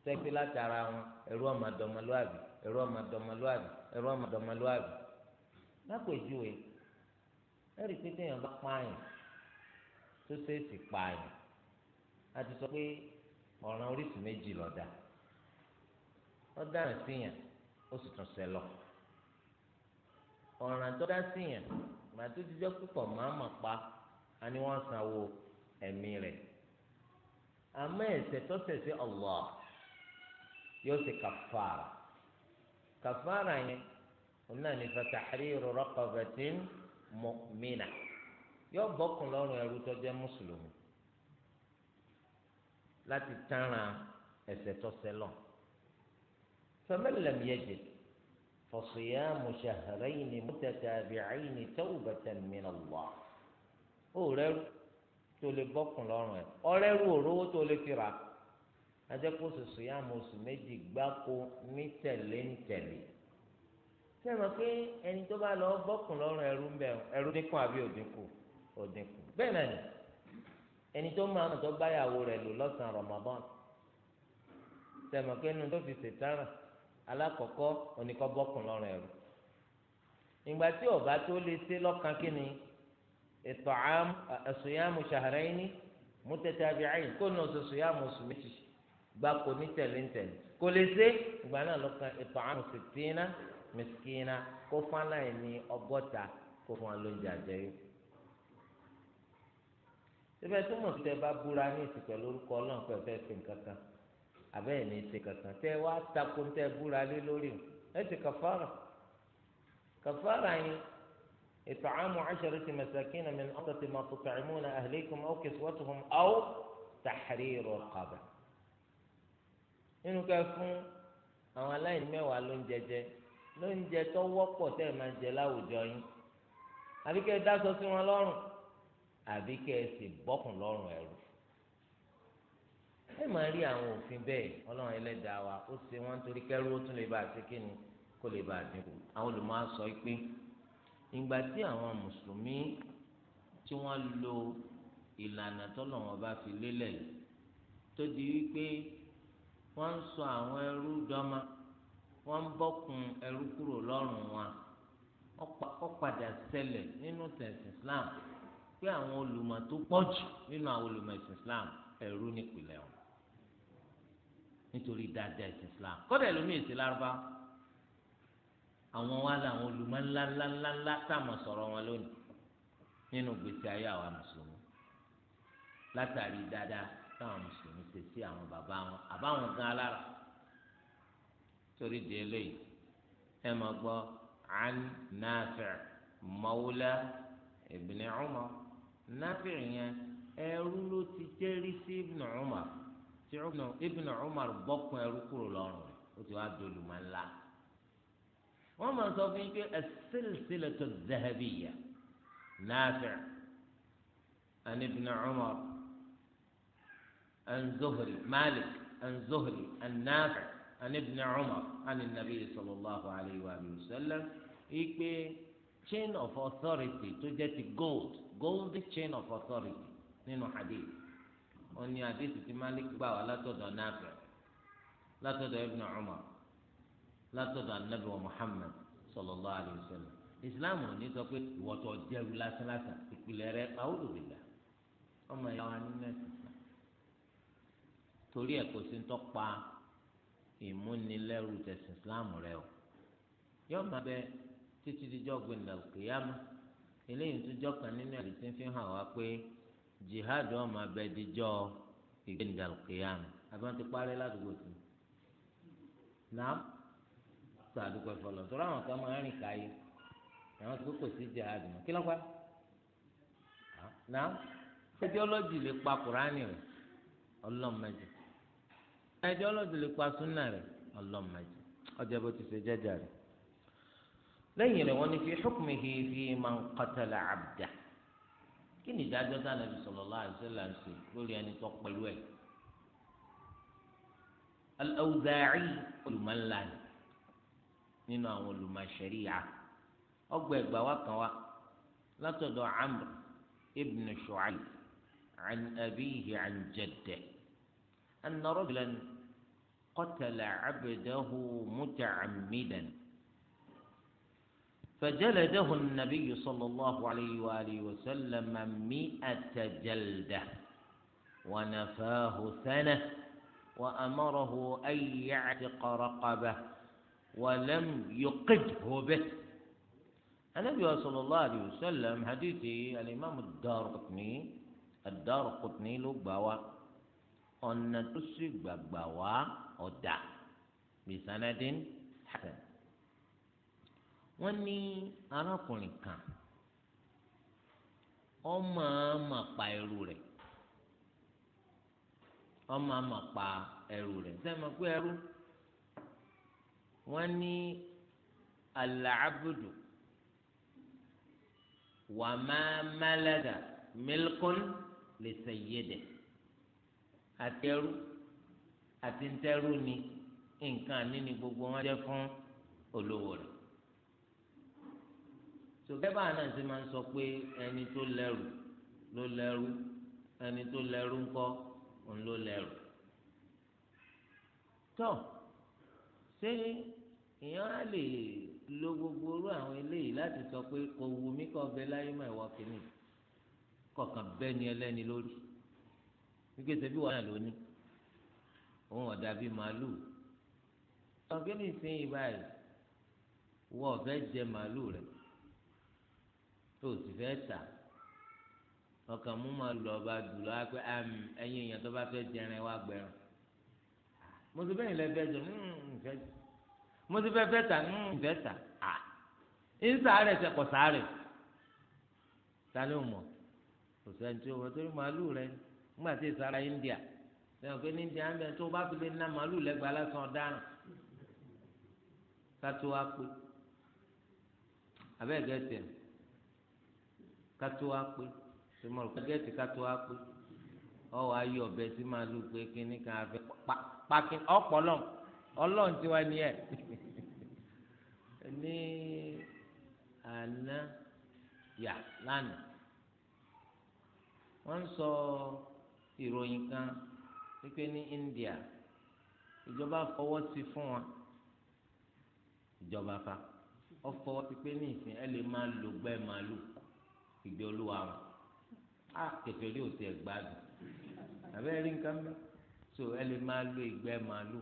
tẹ́pẹ́ látara wọn ẹ̀rú ọ̀màdọ̀mọlúàbí ẹ̀rú ọ̀màdọ̀mọlúàbí ẹ̀rú ọ̀màdọ̀mọlúàbí lápèjúwe ẹ̀rí pé téèyàn bá pààyàn tó ṣèèṣì pààyàn a ti sọ pé ọ̀ràn oríṣìí méjì lọ́dà ọ̀daràn síyàn ó sì tún ṣẹlọ ọ̀ràn tó dá síyàn màá tó ti jẹ́ púpọ̀ máa mà pa á ní wọ́n sanwó ẹ̀mí rẹ̀ àmọ́ ẹ̀ṣẹ̀ tó ṣẹ̀ sí yóò ṣe kàfàrà kàfàrà yẹn òun náà yóò bọ́kùn lọ́rùn ẹrú tó jẹ́ mùsùlùmí láti tánra ẹ̀ṣẹ̀ tó sẹ́lọ̀ fẹmẹlẹm yẹjẹ fọsùyà mùsàhàrẹyìn mùtàtàbíàyìn tẹwùbẹtẹn mìíràn wà ó rẹrú tó lè bọ́kùn lọ́rùn ẹ̀ ọ̀rẹ́rú òróró tó lè fira adẹ́kọ̀ sùsùyà mùsùn méjì gbáko ní tẹ̀lé ní tẹ̀lé sẹ́wọ̀n pé ẹni tó bá lọ bọ́kùn lọ́rùn ẹrú ń bẹ̀ ẹrú dínkù àbí òdínkù. ó dínkù bẹ́ẹ̀ ẹni tó máa ń tọ́ báyàwó rẹ̀ lò Ramadan tó fi ṣètàrà alákọ̀ọ́kọ́ ìgbà tí ọba tó lè ṣe lọ́kàn kí ètò àṣùyàmù ṣàhárẹ́yìnì mutatabi'ayn kó ní oṣù oṣù méjì gba kò ní tẹ̀lé ń kò lè ṣe ìgbà náà síbẹ̀ tó mọ̀ tẹ́ bá búra ní ìsìn pẹ̀lú orúkọ ọlọ́run pẹ̀ fẹ́ fi nǹkan kan àbẹ́ ẹ̀ ní ìsìn kankan tẹ́ wá tako tẹ́ búra lé lórí ẹ ti kàfàrà kàfàrà yẹn إطعام عشرة مساكين من أوسط ما تطعمون أهليكم أو كسوتهم أو تحرير رقبة nínú ká fún àwọn aláìní mẹ́wàá lóúnjẹ jẹ lóúnjẹ tó wọ́pọ̀ tẹ́ ẹ̀ máa jẹ láwùjọ yín àbíkẹ́ dá sí wọn lọ́rùn àbí kẹ́ ẹ sì bọ́kùn lọ́rùn ẹ̀rù ẹ máa rí àwọn òfin bẹ́ẹ̀ ọlọ́run ẹlẹ́dàá wa ó ṣe wọ́n torí kẹ́rú ó tún lè bá àti kíni kó lè bá àdínkù àwọn olùmọ̀ á sọ pé ìgbà tí àwọn mùsùlùmí tí wọ́n lo ìlànà tọ́lọ́wọ́n bá fi lélẹ̀ yìí tó di wípé wọ́n ń sọ àwọn ẹrú dọ́mà wọ́n ń bọ́kùn ẹrú kúrò lọ́rùn wọn ó padà nínú tẹ̀sán Islam pé àwọn olùmọ̀ tó pọ̀ jù nínú àwọn olùmọ̀ ẹ̀sìn Islam ẹ̀rú nípìnlẹ̀ wọn nítorí dáadáa ẹ̀sìn Islam kọ́dà ẹlòmíì sí lárúbá àwọn wa làwọn olùmọ̀ ńláńláńláńlá táwọn sọ̀rọ̀ wọn lónìí nínú gbèsè ayé àwa mùsùlùmí látàrí dáadáa táwọn mùsùlùmí ṣe sí àwọn bàbá wọn àbáwọn gan alára torí di eléyìí ẹ máa gbọ́ an Nafi' mawla Ibn Umar. Nafi' yẹn ẹrú ló ti jẹ́rí sí Ibn Umar tí Ibn Umar bọ́kun ẹrú kúrò lọ́rùn ó ti wá dolu dolùmọ̀ ńlá wọ́n máa sọ fún yín pé as-silsilatu yá Nafi' ani Ibn Umar an Zuhri Malik an Zuhri an Nafi' ani Ibn Umar ani nabi sallallahu alayhi wa sallam ipe chain of authority tó jẹ́ ti gold. golden chain of authority nínú hadith ó ní hadith tí malik gbà wá látọ̀dọ̀ Nafi látọ̀dọ̀ ibn Umar látọ̀dọ̀ anabi wa Muhammad sallallahu alayhi wa sallam islam ò ní sọ pé ìwọ tó jẹ́rú lásán lásán ìpìlẹ̀ rẹ̀ a'udhu billah ọmọ ìyá wa nínú ẹ̀sìn islam torí ẹ̀ kò sí ń tọ́pa ìmúnilẹ́rù tẹ̀sìn islam rẹ o yọ́ọ́ máa bẹ títí díjọ́ gbẹ̀ndàlùkìyàmù. eléyìí tó jo nínú ẹ̀rí tí fi hàn wá pé jihad ọmọ abẹ díjọ ìgbéǹda kìyàm abẹ́wọ́n parí ládùúgbò sí i nàá sàdúgbò fọlọ́ tọ́lá àwọn kan máa ń rìn káyé àwọn tó kò sí jihad mọ́ kí ló pa nàá ẹdíọ́lọ́jì lè pa kùránì rẹ̀ ọlọ́mọdé ẹdíọ́lọ́jì lè pa súnà rẹ̀ ọlọ́mọdé ọjọ́ bó ti ṣe lẹ́yìn rẹ̀ wọ́n ní fi hukmihi fi man qatala abda kí ni ìdájọ́ tá nàbì sallallahu alaihi wasallam lórí ẹni tó pẹ̀lú ẹ̀ al-Awza'i olùmọ̀láni nínú àwọn olùmọ̀ṣẹ̀ríyà ọgbà ẹgbà wa kan wa látọ̀dọ̀ Amr ibn Shu'ayb an abiyihi an jaddihi anna rajulan qatala abdahu muta'ammidan. فجلده النبي صلى الله عليه وآله وسلم مئة جلدة ونفاه سنة وأمره أن يعتق رقبه ولم يقده به النبي صلى الله عليه وسلم حديثي الإمام الدار قطني الدار قطني لبوا أن تسيب بوا أدع بسند حسن wọ́n ní arákùnrin kan ọmọ àmà pa ẹrù rẹ̀ ọmọ àmà pa ẹrù rẹ̀ sẹ́mi pé ẹrú wọ́n ní alàbùdù wà máa málága mílíkọ́n lè sẹ̀yẹ́dẹ̀ àti ẹrú àti ntẹ́rú ni nǹkan àní ni gbogbo wọn jẹ́ fún olówó rẹ̀ so bẹ́ẹ̀ báwa náà ti máa ń sọ pé ẹni tó lẹ́rù ló lẹ́rù ẹni tó lẹ́rù ńkọ́ òun ló lẹ́rù. tó ṣé èèyàn á lè lo gbogbo orú àwọn eléyìí láti sọ pé kò wù mí kọ́ bẹ láyé mọ́ ìwọ kìíní kọ̀ọ̀kan bẹ́ẹ̀ ni ẹlẹ́ni lórí wípé ṣe bí wọ́n òun ọ̀dà bíi màálùú ọ̀gẹ́ni sìn yìí báyìí wọ́n jẹ màálùú rẹ̀ tó o sì fẹ́ tà ọkàn mú màálù lọ́ba dùn lọ́wọ́ pé ẹyin èèyàn tó bá fẹ́ jẹrin wá gbẹrun mo ti bẹ́yìn lẹ́fẹ́ jẹ ǹfẹ́ hmm, jẹ mo ti fẹ́ fẹ́ tà ǹfẹ́ hmm, tà à ń sàárẹ̀ sẹ́kọ̀ sàárẹ̀ ta ló mọ̀ kò sẹ́ni tí o mọ̀ torí màálù rẹ nígbà tí ìsara India sẹ́wọ̀n pé ní India ń tó o bá fi lè ná màálù lẹ́gbàá lásán ọ̀daràn ká tó wá pé abẹ́ẹ̀gẹ́ tẹ̀ kátó wá pé tòmọ̀rò kúgẹ́tì kátó wá pé ọwọ́ ayé ọ̀bẹ sí máa lù pé kíní kan afẹ́ pàkí ọ̀pọ̀lọ́ ọlọ́run tiwa ni ẹ̀ ní àná yà lánàá wọ́n ń sọ ìròyìn kan wípé ní India ìjọba fọwọ́ sí fún wọn ìjọba fa ọ fọwọ́ sí pé ní ìsìn ẹ lè máa lò gbẹ́ màálù ìgbé olúwa wọn á ah, kẹfẹ rí òtí ẹgbàdùn àbẹ́rẹ́ rí nǹkan mẹ́ so ẹ lè máa lo ìgbẹ́ màálù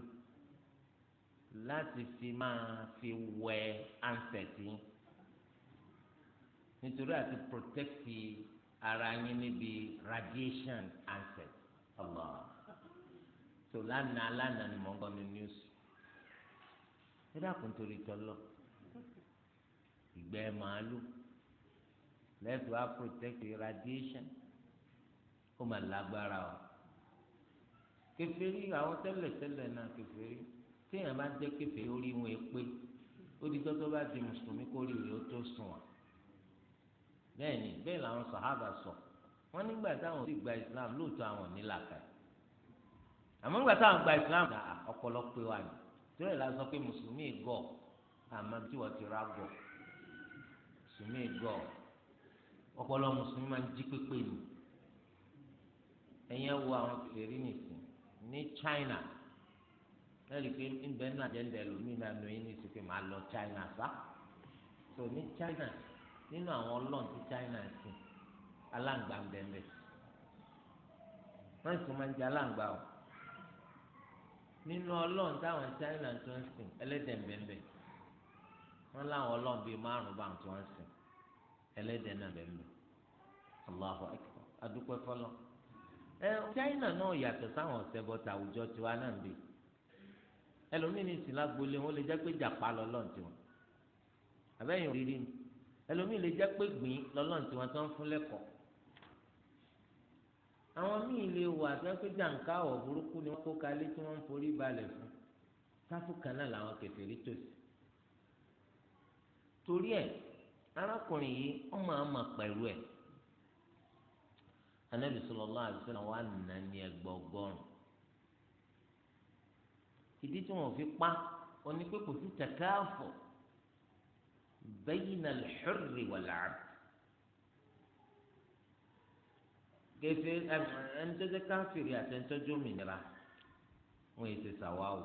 láti fi máa fi wẹ ansẹ̀tì nítorí àti protẹ́kì ara yín níbi radiation ansẹ̀t ọ̀lọ́ so lánàá lánàá ni mò ń gbọ́ ní news ẹ dákun torí tọ́lọ́ ìgbẹ́ màálù lẹ́tọ̀ á protect irradiation. ó mà lágbára o kèfèrí àwọn tẹ́lẹ̀tẹ́lẹ̀ náà kèfèrí téèyàn bá jẹ́ kèfèrí orí wọn pé ó di tó tó bá di mùsùlùmí kó rí rèé ó tó sùn wọn bẹ́ẹ̀ ni bẹ́ẹ̀ làwọn sàhábà sọ wọ́n nígbà táwọn sì gba islam lóòótọ́ àwọn nílàkà àmọ́ nígbà táwọn gba islam ọpọlọ pé wà ní tó la sọ pé mùsùlùmí gọ̀ àmọ́ tí wọ́n ti rà gọ̀ mùsùlùmí gọ̀ ọpọlọ mùsùlùmí máa ń jí pépé ni ẹ̀yin wo àwọn kìlẹ̀rì nìsín ní China lẹ́yìn pé ńbẹ́ náà jẹ́ ńbẹ́ lómi náà lóyún ní ìsìnkú máa lọ China sá so ní China nínú àwọn ọlọ́run tí China sìn aláǹgbá ń bẹ́ẹ̀ bẹ́ẹ̀ wọ́n sì máa ń jẹ aláǹgbá o nínú ọlọ́run táwọn China tó ń sìn ẹlẹ́dẹ̀ ń bẹ́ẹ̀ bẹ́ẹ̀ wọ́n láwọn ọlọ́run bíi márùn-ún bá ń tó ń sìn ẹlẹ́dẹ̀ náà lẹ́ ń lò Allahu akbar adúpẹ́ fọlọ́ ẹ China náà yàtọ̀ sáwọn ọ̀sẹ̀ bọ́tà àwùjọ tiwa náà ń bì ẹlòmíín ní ìsìn lágbolé wọn lè jẹ́ pé jàpá lọ́lọ́run tiwọn àbẹ́yìn òrìrì ni ẹlòmíín lè jẹ́ pé gbìn lọ́lọ́run tiwọn tó ń fún lẹ́kọ̀ọ́ àwọn míì lè wà sọ pé jàǹká ọ̀ burúkú ni wọ́n kó kalẹ̀ tí wọ́n ń forí balẹ̀ fún sáfù kan náà làwọn kẹfẹ́ rí tòsí torí ẹ̀ arákùnrin yìí ó máa ma pẹ̀lú ẹ̀ anabi sallallahu alaihi wasallam wà nà ní ẹgbọgbọrùn ìdí tí wọn fi pa òní pé kò sí takáàfọ bayna al-hurri wal-abd kẹfẹ ẹni tó jẹ káfíìrì àti ẹni tó jẹ wọn yìí ti sàwáwò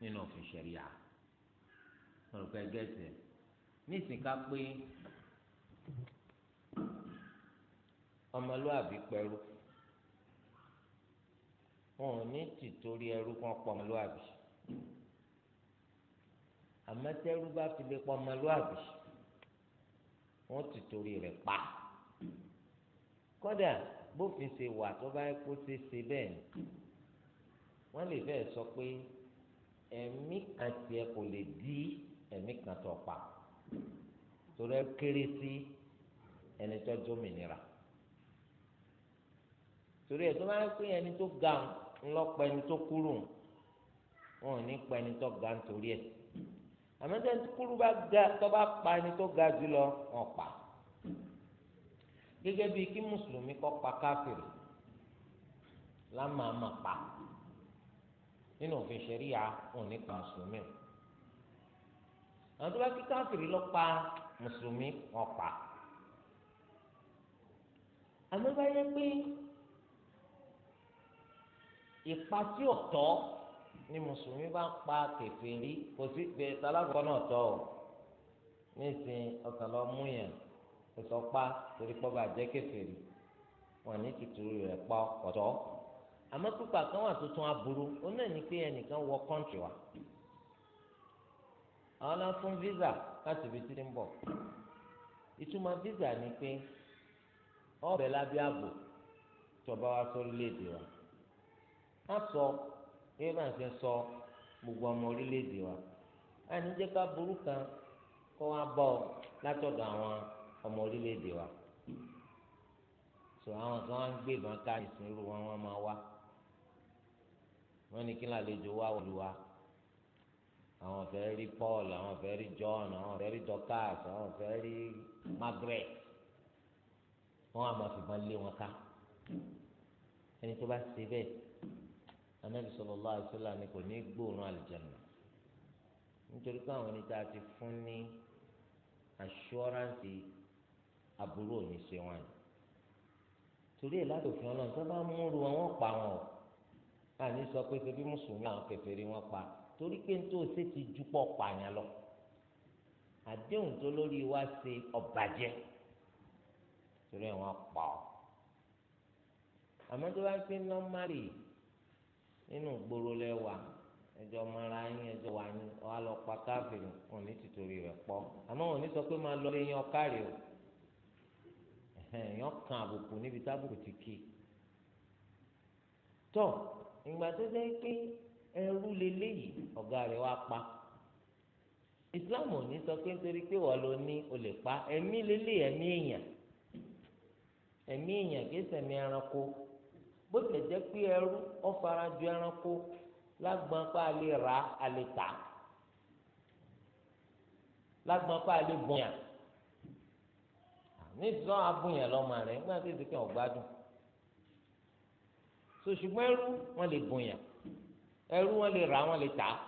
nínú òfin ṣẹ̀ríà wọn rò pé nísìnyí ká pé ọmọlúwàbí pẹ̀lú wọn ò ní tìtorí ẹrú kan pọ̀ ọmọlúwàbí àmọ́tẹ́rú bá fi lè pọ̀ ọmọlúwàbí wọn tìtorí rẹ̀ pa kódà bófin ṣe wà tó bá kó ṣe ṣe bẹ́ẹ̀ ni wọ́n lè fẹ́ sọ pé ẹ̀mí kan tiẹ̀ kò lè di ẹ̀mí kan tó pa torí ẹ kéré sí ẹni tó jómìnira torí ẹ tó máa ń pè ẹni tó ga ńlọpọ ẹni tó kúrò wọn ò ní pa ẹni tó ga nítorí ẹ àmọ́ tó ẹni tó kúrò bá ga tó bá pa ẹni tó ga jù lọ wọn pa gẹ́gẹ́ bíi kí mùsùlùmí kọ́ pa káfíìrì lámàá pa nínú òfin ṣẹ̀ríyà òun ní pa mùsùlùmí o àwọn tó bá kí káfíìrì lọ pa mùsùlùmí wọn pa àmọ́ bá yẹ pé ìpa tí ò tọ́ ni mùsùlùmí bá ń pa kèfèrí kò sí pé talákọ̀ọ́ náà tọ́ ọ nísìnyí ọkàn lọ mú yẹn ìsọpá torí pọ́ bá jẹ́ kèfèrí wọn ní tuturu rẹ̀ pọ́ ọ̀tọ̀ àmọ́ pípa kan wà tuntun aburú ó náà ní pé ẹnìkan wọ kọ́ńtì wa àwọn náà fún visa láti ibi tí ń bọ̀ ìtumọ̀ visa ni pé ọbẹ̀ lábẹ́ ààbò tọba wa sọ orílẹ̀-èdè wa á sọ bí wọ́n ṣe sọ gbogbo ọmọ orílẹ̀-èdè wa a ní jẹ́ ká burú kan kó wá bọ̀ látọ̀dọ̀ àwọn ọmọ orílẹ̀-èdè wa sọ àwọn kan wá ń gbé ìbọn ká ìsinrú wọn wọn máa wá wọn ní kí n lálejò wá wọlé wa àwọn fẹ́ rí Paul àwọn fẹ́ rí John àwọn fẹ́ rí Dorcas àwọn fẹ́ rí Margaret wọn àmọ́ fìbọn lé wọn ká ẹni tó bá ṣe bẹ́ẹ̀ anabi sallallahu alaihi wasallam ni kò ní gbóòórùn àlùjánnà nítorí pé àwọn oníta ti fún ní assurance aburú òní ṣe wọn ni torí ẹ ládòfin Ọlọ́run tó bá múru wọn wọn pa wọn o àní sọ pé ṣe bí mùsùlùmí àwọn kèfèrí wọn pa torí pé nítorí ṣe ti ju pọ̀ pààyàn lọ àdéhùn tó lórí wa ṣe ọ̀bàjẹ́ torí ẹ̀ wọ́n pa ọ́ àmọ́ tó bá pé nọ́márì nínú gbòòrò lẹ́wà ẹjọ́ mara yín ẹjọ́ wà yín ọ̀ á lọ pa káfíìn wọn ní tìtorí rẹ̀ pọ̀ àmọ́ wọn ní sọ pé máa lọ léyìn ọ̀kárì o èèyàn kan àbùkù níbi tábùkù ti kí tọ́ ìgbà tó dé pé ẹrú leléyìí ọ̀gá rẹ̀ wá pa islam ò ní sọ pé nítorí pé wọ́n ló ní o lè pa ẹ̀mí leléyìí ẹ̀mí èèyàn ẹ̀mí èèyàn kìí ṣẹ̀mí ẹranko bó tẹ̀ jẹ́ pé ẹrú ó fara ju ẹranko lágbọn pa a ra a tà lágbọn pa a lè bọ̀yàn nítorí wọn abúyàn lọ́mọ nígbà tí èsì kan ò ẹrú wọn lè bọ̀yàn ẹrú wọn lè rà wọn lè tà á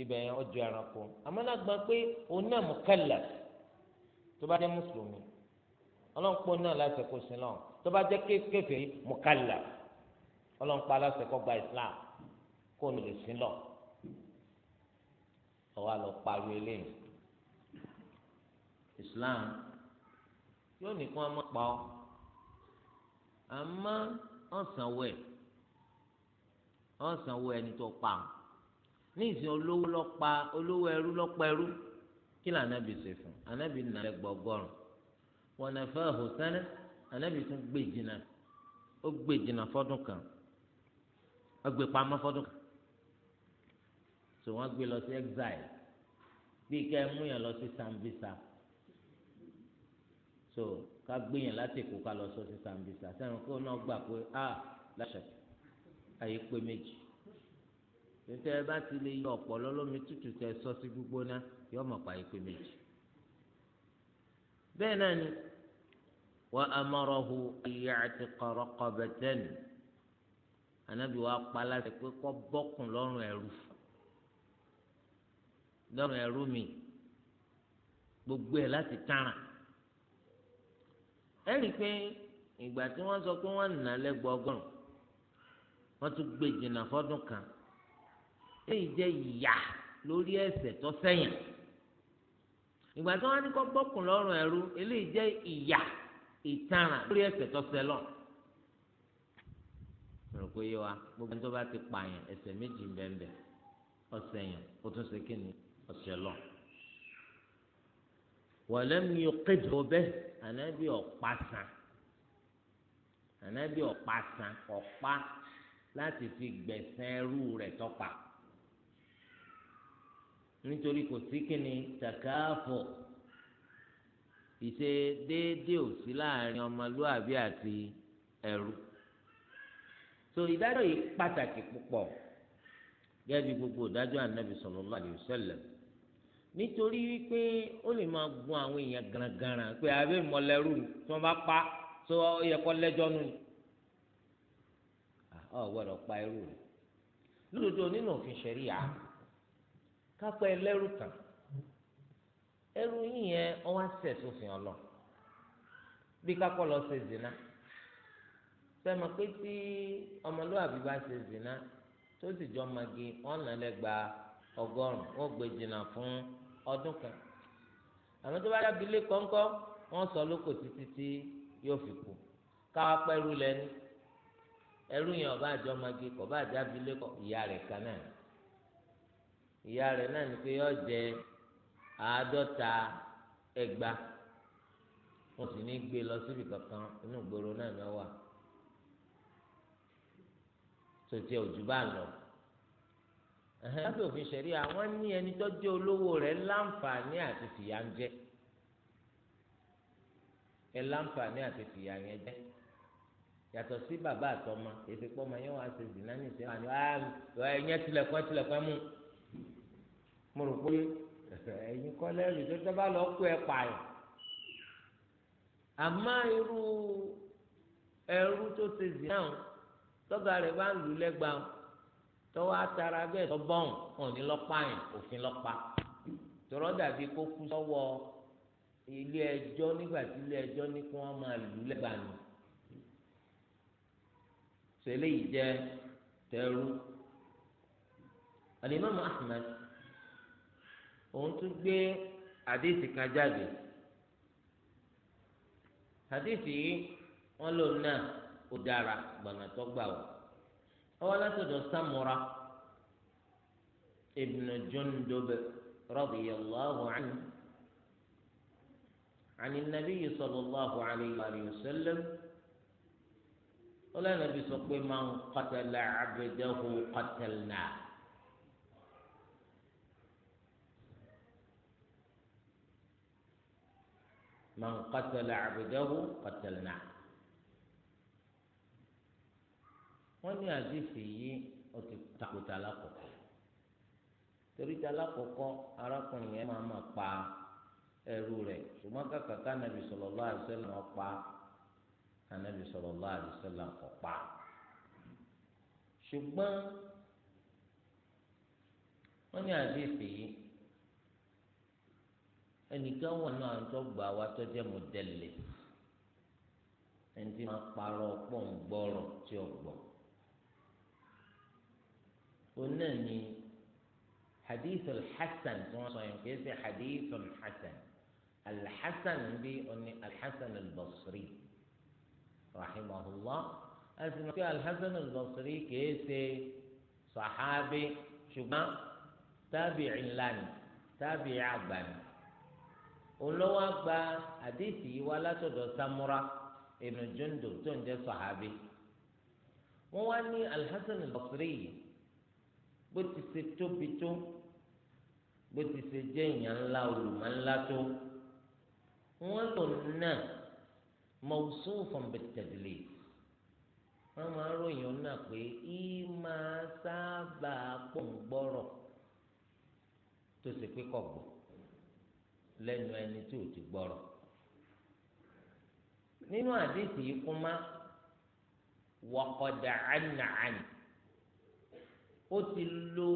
ibẹ̀ yẹn ọjọ́ ẹranko àmọ́ náà gbọ́n pé òun náà mú kẹlẹ̀ tó bá jẹ́ mùsùlùmí ọlọ́nkpọ̀ náà láti kó sin lọ́n tó bá jẹ́ kékeré mú kẹlẹ̀ ọlọ́nkpọ̀ aláṣẹ kọ́ gba Islam kó lè sin lọ ọwọ́ àlọ́ pariwo eléyìí Islam yóò nìkan ọmọ pa ọ àmọ́ ọ̀sán wẹ̀ wọ́n sanwó ẹni tó pa àwọn ní ìsìn olówó lọ́pa olówó ẹrú lọ́pa ẹrú kí ni anabi ṣe fún anabi nà lẹ gbọgọrùn wọn nà fẹ hosẹnẹ anabi tún gbé jìnnà ó gbé jìnnà fọdún kan ó gbé pamọ́ fọdún kan tó wọn gbé lọ sí exile bí ká ẹ mú yàn lọ sí sambisa so ká gbé yàn láti èkó ká lọ sọ sí sambisa sẹ́wọ̀n kó náà gbà pé a ah, láṣẹ àyè pé méjì tètè ẹ bá ti lè yọ ọ̀pọ̀lọ́ lómi tútù tẹ sọ sí gbígbóná yọ ọmọ pa àyè pé méjì bẹ́ẹ̀ náà ni wa amarahu ya'tiqa raqabatan anabi wa kpala ṣe pé kọ́ bọ́kùn lọ́rùn ẹ̀rú lọ́rùn ẹ̀rú mi gbogbo ẹ̀ láti tàrà ẹ̀ rí i pé ìgbà tí wọ́n sọ pé wọ́n nà lẹ́gbọ̀ọ́gọ́rùn wọ́n tún gbé jìnnà fọ́dún kan èyí jẹ́ ìyà lórí ẹ̀ṣẹ̀ tó sẹ́yìn ìgbà tí wọ́n ní kó gbọ́kùn lọ́rùn ẹ̀rú eléyìí jẹ́ ìyà ìtaràn lórí ẹ̀ṣẹ̀ tó sẹ́ rò pé yé wa gbogbo ẹni tó bá ti pààyàn ẹ̀ṣẹ̀ méjì bẹ́ẹ̀ ọ̀sẹ̀yàn ó tún ṣe kíni ọ̀sẹ̀ lọ. wọ̀lẹ́ mi ò kéde ọbẹ̀ ànábì ọ̀pá san ànábì ọ̀pá san ọ̀pá láti fi gbẹ̀sẹ̀ ẹrú rẹ̀ tọ́pa nítorí kò sí kíni tàkáàfọ̀ ìṣe déédéé ò sí láàrin ọmọlúàbí àti ẹrú so ìdájọ́ yìí pàtàkì púpọ̀ gẹ́gẹ́ bí gbogbo ìdájọ́ ànábì sallallahu alaihi wasallam nítorí wípé ó lè máa gun àwọn èèyàn garagara pé àbẹ́ mọ̀lẹ́rù tí wọ́n bá pa tó yẹ kó lẹ́jọ́ nù ọ gbọ́dọ̀ pa irú rẹ̀ lódodo nínú òfin ṣẹ̀ríà kápẹ́ ẹlẹ́rù kan ẹrú yìnyẹn ọwọ́ àṣẹ sófin ọlọ bí kápọ́ lọ ṣe zina sẹ́mi pé tí ọmọlúwàbí bá ṣe zina tó sì jọ magi wọn nà lẹ́gba ọgọ́rùn-ún wọ́n gbé jìnnà fún ọdún kan àwọn tó bá dábìlẹ̀ kọ́ńkọ́ wọ́n sọ lóko títí tí yóò fi kú káwá pẹ́rú lẹ́ni ẹrú yẹn ọba àjọ magi kọba àjọ abilé kọ ìyá rẹ̀ kan náà ìyá rẹ̀ náà ni pé yọ jẹ àádọ́ta ẹgba wọn sì ní gbé lọ síbi kankan inú ìgboro náà ni wọn wà tòtí òjú bá lọ lábẹ́ òfin ṣẹ̀rí àwọn ní ẹni tó jẹ́ olówó rẹ̀ láǹfààní àti fìyà ń jẹ ẹ láǹfààní àti fìyà yẹn jẹ yàtọ̀ sí bàbá àtọmọ èsì pọ́ ọmọ yẹn wà á ṣe zìnnà ní ìṣẹ́ wà ní ẹ̀yẹ ah, tilẹ̀kọ́ tilẹ̀kọ́ mú mo rò pé ẹ̀yin kọ́lẹ́ rè tó tẹ́ bá lọ kó ẹ pààyàn àmọ́ irú ẹrú tó ṣe zìnnà tọ́gà rẹ̀ bá ń lù lẹ́gbàá tọ́wọ́ atara bẹ́ẹ̀ tọ́bọ̀n wọn ní lọ́pàáyàn òfin lọ́pa tọ́rọ́ dàbí kó kú sọ́wọ́ ilé ẹjọ́ nígbà tí ilé ẹjọ́ ní kí wọ́n máa lù lẹ́gbàá nù sẹlẹ yìí jẹ tẹrú alimami ahmed òun tún gbé àdéhìí kan jáde àdéhìí wọn lò náà ó dára gbọ̀nà tó gbà ó ọwọ́ samura ibn jundub radiyallahu anhu عن النبي صلى الله عليه وآله وسلم ọlọ́run ẹbí sọ pé máa ń kọ́tẹ̀lá abẹ́dẹ́hu kọ́tẹ̀lá. máa ń kọ́tẹ̀lá abẹ́dẹ́hu kọ́tẹ̀lá. wọ́n ní àdìsí yìí ó ti takùtà lákòókò torí ta lákòókò arákùnrin yẹn máa ma pa ẹrú rẹ̀ ṣùgbọ́n kàkàkà nàbì sallallahu alaihi wasallam pa á anabi sallallahu alaihi wasallam kò pa ṣùgbọ́n wọ́n ní àdéhùn yìí ẹnìkan wọn náà tó gbà wá tó jẹ́ mọ̀dẹ́lẹ̀ ẹni tí wọ́n parọ́ pọ̀ ń gbọ́rọ̀ tí ó gbọ́ òun náà ni hadith alḥasan tí wọ́n sọ yẹn kì í ṣe hadith alḥasan alḥasan bíi oní alḥasan albasri. Al rahimahullah ẹsìn pé alhassan al-basri kìí ṣe sàhábì ṣùgbọ́n tábìí ńlá ni tábìí àgbà ni olówó àgbà àdéhìí wa látọ̀dọ̀ samura ibn jundub tó ń jẹ́ sàhábì wọ́n wá ní alhassan al-basri bó ti ṣe tóbi tó bó ti ṣe jẹ́ ìyàn ńlá olùmọ̀ ńlá tó wọ́n lò náà. mọ̀wùsùnfọ̀n bẹ̀tẹ̀dìlẹ̀ wọ́n máa ń ròyìn ọ̀nà pé í máa sábà pòǹgbọ́rọ̀ tó ṣe pé kọ̀gbọ̀ lẹ́nu ẹni tí ò ti gbọ́rọ̀ nínú àdéhùn yìí kún má wọ́kọ̀dà ànààní ó ti lo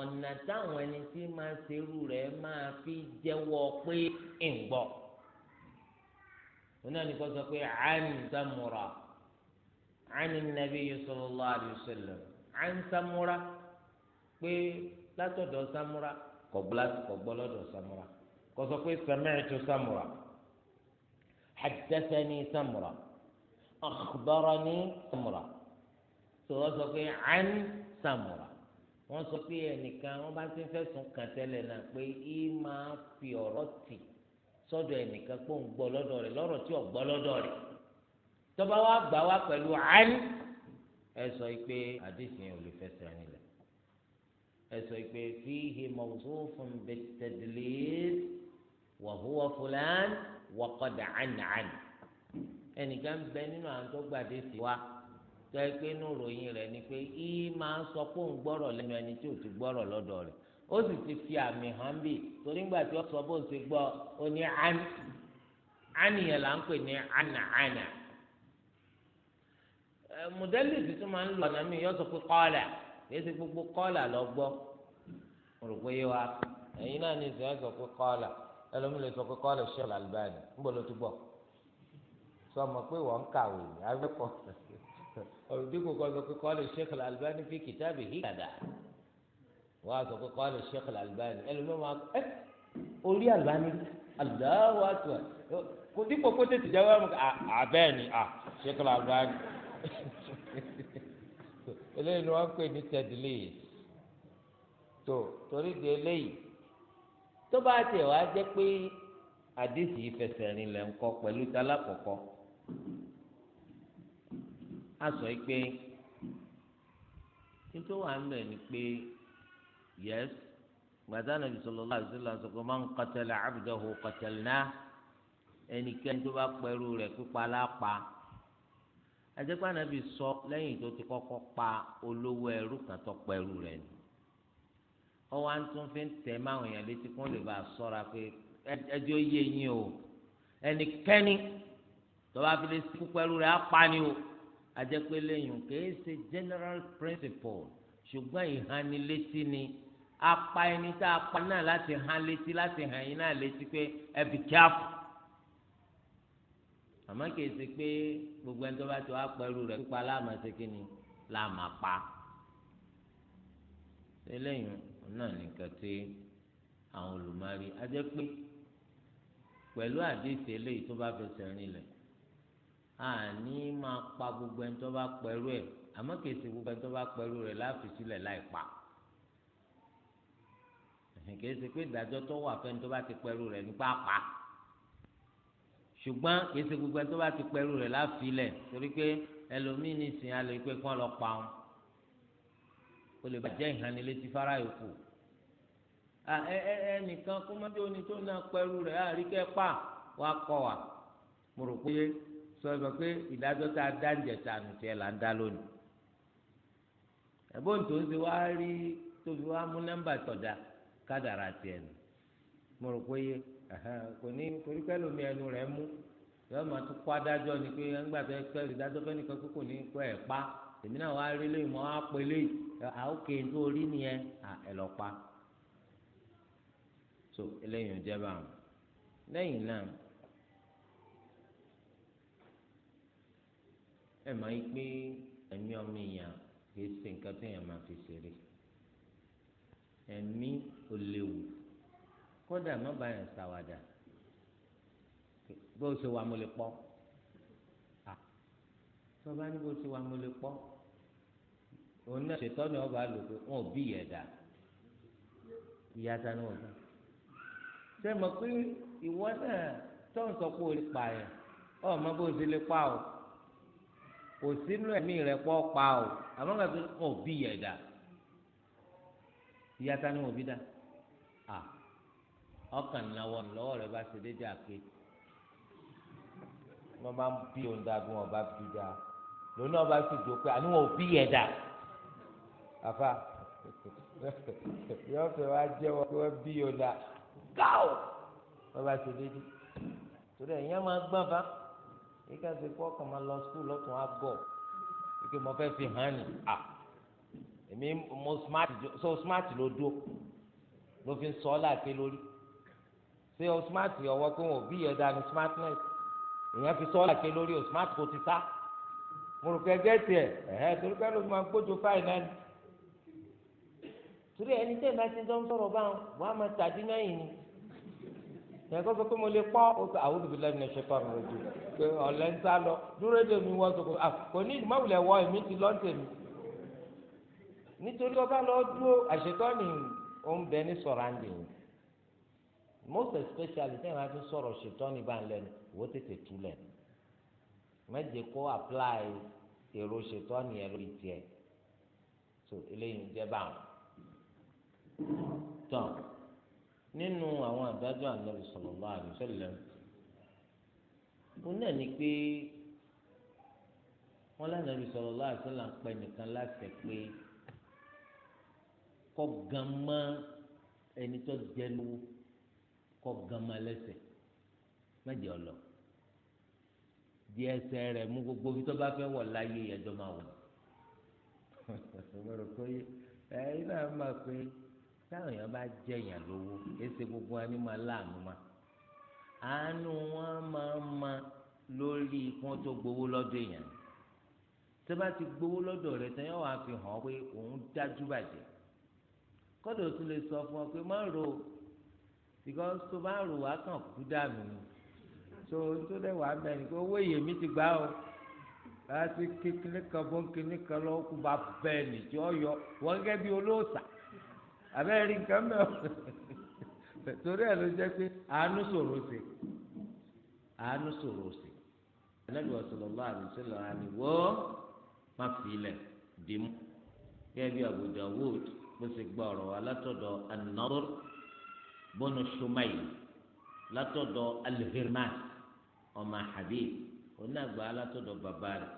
ọ̀nà táwọn ẹni tí máa ṣerú rẹ̀ máa fi jẹ́wọ́ pé ń gbọ́. هنا نقول عن سمرة عن النبي صلى الله عليه وسلم عن سمرة لا تدع سمرة قبلت قبل سمرة قصدي سمعت سمرة حدثني سمرة أخبرني سمرة قصدي عن سمرة wọ́n sọ pé ẹnìkan wọ́n bá ti ń kàn tẹ́lẹ̀ náà pé í máa tì í sọ́dọ̀ ẹnìkan pé òun gbọ́ lọ́dọ̀ rẹ̀ lọ́rọ̀ tí ò gbọ́ lọ́dọ̀ rẹ̀ tọba wa gbà wá pẹ̀lú àní ẹ sọ pé àdìsí ò lè fẹsẹ̀ nílẹ̀ ẹ sọ pé fihi mawsufun bit-tadlis wa huwa fulan wa ẹnìkan bẹ nínú àwọn tó gbàdé wa tọ́ pé inú ròyìn rẹ̀ ni pé í sọ pé òun gbọ́rọ̀ lẹ́nu ẹni tí ò ti gbọ́rọ̀ lọ́dọ̀ rẹ̀ ó sì ti fi àmì hàn bí torí ńgbà tí ó sọ bó ti gbọ́ ó ní ana. là ń pè ní ànàànà mùdálì tí tó máa ń lò mi yóò sọ pé kọ́ọ̀là gbogbo kọ́ọ̀là lọ gbọ́ rò wa ẹ̀yin náà ní ìsìn ọ̀sọ̀ pé kọ́ọ̀là ẹlòmí lè sọ pé kọ́ọ̀là ṣe ọ̀là àlùbáyé níbo ló ti bọ̀ sọmọ pé wọ́n ń kàwé ní sọ pé kọ́ọ̀là ṣe ọ̀là fi wọ́n á sọ pé kọ́ ọ́ lè Sheikh Al-Albani ẹlòmíràn wọn ẹ orí Albani Allahu Akbar kò dípò kó tètè jẹ́ wọ́n àbẹ́ẹ̀ ni à Sheikh Al-Albani eléyìí ni wọ́n pè ní tẹ̀dílẹ́yìí tó torí di eléyìí tó bá tiẹ̀ wá jẹ́ pé àdéhì ìfẹsẹ̀rin lẹ̀ ń kọ́ pẹ̀lú talákọ̀ọ́kọ́ a sọ pé nítorí wà ń bẹ̀ ni pé yẹs gbàtà nàbì sallallahu alaihi wasallam sọkò máa ń qatala abdahu qatalna ẹnikẹ́ni tó bá pẹ̀lú rẹ̀ pípa lápá ajẹ́pẹ́ ànábì sọ lẹ́yìn tó ti kọ́kọ́ pa olówó ẹrú kan tó pẹ̀lú rẹ̀ ni ọwọ́ à ń tún fi ń tẹ̀ máwọn èèyàn létí kó lè bá a sọ́ra pé ẹjọ́ yé yín o ẹnikẹ́ni tó bá fi lè sìnkú pẹ̀lú rẹ̀ á ni o ajẹ́pẹ́ lẹ́yìn kìí general principle ṣùgbọ́n ìhánilétí ni apa ẹni tá a pa náà láti hàn létí láti hàn yín náà létí pé ẹ bì kíáfù àmọ́ kìí ṣe pé gbogbo ẹni tó bá tó apẹ̀rù rẹ̀ pípa láàmà ṣe kí ni láàmà pa eléyìí náà nìkan tí àwọn olùmọ̀rí ajẹ́ pé pẹ̀lú àdéhìí eléyìí tó bá fẹsẹ̀ rinlẹ̀ àní máa pa gbogbo ẹni tó bá pẹ̀rù ẹ̀ àmọ́ kìí ṣe gbogbo ẹni tó bá pẹ̀rù rẹ̀ láàfin sílẹ̀ láì pa kìí ṣe pé ìdájọ́ tó wà fẹ́ni tó bá ti pẹ̀rù rẹ̀ ní pápá ṣùgbọ́n kìí ṣe gbogbo ẹni tó bá ti pẹ̀rù rẹ̀ láfilẹ̀ torí pé ẹlòmíín ní ìsìn alẹ́ pé kí wọ́n lọ pa wọn o lè bàjẹ́ ìhánilétí fara yòókù ẹnìkan kó má jẹ́ oní tó náà pẹ̀rù rẹ̀ àríkẹ́ pa wá kọ́ wa mo rò pé sọ ẹ sọ pé ìdájọ́ tá a dá ìjẹta nù tiẹ̀ là ń dá lónìí ẹ̀bọ́n tó ń ṣe wá rí tó fi wá mú nọ́mbà tọ̀dá. kádàrà tiẹ̀ nù mo rò pé kò ní torí pẹ́lú ẹnu rẹ̀ mú yọọ ma tún kó ni pé ńgbà tó ẹ pẹ́ ìdájọ́ fẹ́ nìkan kó kò ní kó ẹ̀ pa èmi náà wá rí léyìn mọ́ á pè léyìn àókè tó rí nìyẹn ẹ lọ pa so eléyìí ò jẹ́ báwọn lẹ́yìn náà ẹ máa ń pín ẹ̀mí ọmọ fi ṣeré. ẹ̀mí ò léwu kódà má bàa yàn ṣàwàdà bó o ṣe wà mo lè pọ́ tọ́ba ní bó o ṣe wà mo lè pọ́ òun náà ṣètọ́ ni ọba lò pé wọn ò bí ìyẹ̀ dà ìyá ta ni wọn bá ṣe mọ̀ pé ìwọ náà tó ń sọ pé o lè pààyàn ọ̀ mọ bó o ṣe lè pa o kò sínú ẹ̀mí rẹ̀ pọ́ pa o àmọ́ kàtó wọn ò bí ìyẹ̀ ìyáta ni wọ́n fi dá à ọkàn náwó lọ́wọ́ rẹ̀ bá ṣe déédéé àké wọ́n bá ń bí òun dá bí wọ́n bá bí dá lónìí wọ́n bá sì dùn pé àní wọ́n ò bí yẹ dá àfa yọ fẹ́ wá jẹ́wọ́ pé wọ́n bí òun dá gáò wọ́n bá ṣe déédéé torí ẹ̀yin á máa gbọ́n fa yíká ṣe kọ́ ọkàn máa lọ sùkúl lọ́tún á gọ̀ mo fẹ́ fi hàn ní à èmi mo smart so smart ló dúró ló fi ń sọ ọ́ láàké lórí ṣé o smart ọwọ́ pé wọn ò bí ìyẹn dání smartness ìyẹn fi sọ ọ́ láàké lórí o smart kò ti sá mo rò pé ẹgbẹ́ tiẹ̀ ẹ̀hẹ́ torí pé ló máa gbójú fáìn náà ni torí ẹni tẹ́ ẹ bá ti ń sọ̀rọ̀ báwọn wọ́n á máa tàdí náà yìí ni ẹ̀kọ́ sọ pé mo lè pọ́ àwọn olùbílẹ̀ ní ẹ̀ṣẹ̀ pa mi lójú pé ọ̀lẹ́ ń sá lọ dúró dè mí wọ́n sọ pé ah, kò ní ìdùnnú àwùlẹ̀ wọ èmi ti lọ́ọ́ tèmi nítorí ọba lọ dúró àṣetọ́ni ó ń bẹ ní sọ̀ràǹdìn most especially tẹ́yìn máa fi sọ̀rọ̀ ṣetọ́ni bá ń lẹ́nu wò ó tètè túlẹ̀ mẹ́jẹ kó apply èrò ṣetọ́ni ẹ̀ lórí tiẹ̀ so eléyìí jẹ́ báwọn tán nínú àwọn àdájọ́ ànábì sallallahu alaihi wasallam òun náà ni pé wọ́n lánàá bí sallallahu alaihi wasallam pẹ́ nìkan láti pé kọ́ gan mọ́ ẹni tó jẹ lówó kọ́ gan mọ́ lẹ́sẹ̀ mẹ́jẹ ọlọ di ẹsẹ̀ rẹ̀ mú gbogbo bí tó bá fẹ́ wọ̀ láyé ẹjọ́ máa wọ̀ ọ̀rọ̀ kọ́ yé ẹ̀yin náà máa pé táwọn èèyàn bá jẹ èèyàn lówó èsì gbogbo wa ní máa láàánú ma àánú wọn máa ma lórí wọn tó gbowó lọ́dọ̀ èèyàn tó bá ti gbowó lọ́dọ̀ rẹ̀ tán yóò wá fi hàn pé òun dájú bàjẹ́ kọ́dọ̀ tún lè sọ fún ọ pé má rò ó because tó bá rò wá kàn kú dànù ni tó tó lè wà bẹ́ẹ̀ ni pé owó ìyèmí ti gbá o láti kékeré kan bó ń kékeré kan lọ́wọ́ kó bá bẹ́ẹ̀ nì tí ó yọ wọ́n gẹ́gẹ́ bí olóòṣà abẹ́rẹ́ rí nǹkan mẹ́wọ́ torí ẹ̀ ló jẹ́ pé àánú sòrò sí àánú sòrò sí anabi sallallahu alaihi wasallam àníwọ́ má fi ilẹ̀ dìímù gẹ́gẹ́ bí Abu Dawud bó ṣe gba ọ̀rọ̀ wa látọ̀dọ̀ an-Nadr bọ́nu Shumayl látọ̀dọ̀ al-Hirmas ọmọ Habib onígbà látọ̀dọ̀ bàbá rẹ̀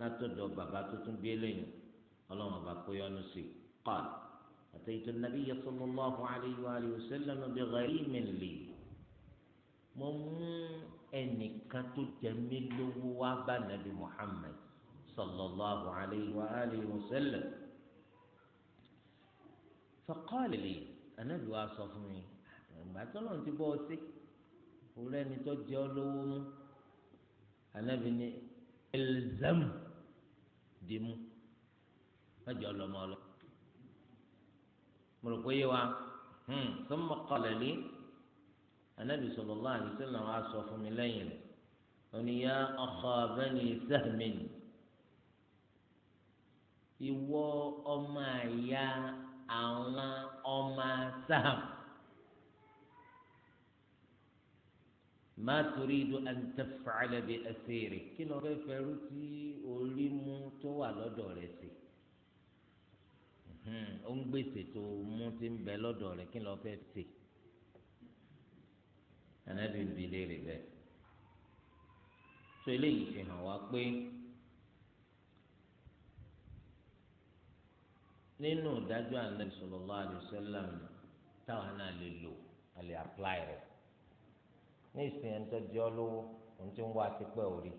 látọ̀dọ̀ bàbá tuntun bíi eléyìí ọlọ́run ọba kó yọnu sí i qal ataytu an-nabiyya sallallahu alayhi wa alihi wa sallam bi gharimin li mo mú ẹnìkan tó jẹ mí lówó wá bá nàbí Muhammad sallallahu alayhi wa alihi wa sallam faqala li anábì wa sọ fún mi ìgbà tó lọ́n ti bọ́ ọ sí òwúrọ̀ ẹni tó jẹ́ ọ lówó mú anábì ní elzam dìmú mẹjọ lọmọ lọ mo rò pé yé wa hmm, thumma qala li anábì sallallahu alaihi wasallam wa sọ fún mi lẹ́yìn rẹ̀ oníyá akha bani sahmin ìwọ ọmọ àyà àwọn ọmọ sam má torí idu àǹtẹ̀fàlẹ̀ bíi ẹsẹ̀rẹ̀ kí ló fẹ́ fẹ́rú tí orí mú tó wà lọ́dọ̀ rẹ̀ sí ó ń gbèsè tó mú ti ń bẹ lọ́dọ̀ rẹ̀ kí ló fẹ́ sè ànábìbí lè rè bẹ́ẹ̀ tó eléyìí fi hàn wá pé. nínú ìdájọ́ Ànábì sallallahu alaihi wasallam táwọn náà lè lò a lè apply rẹ̀ ní ìsìn ẹni tó jẹ́ olówó òun ti ń wá tipẹ́ òrí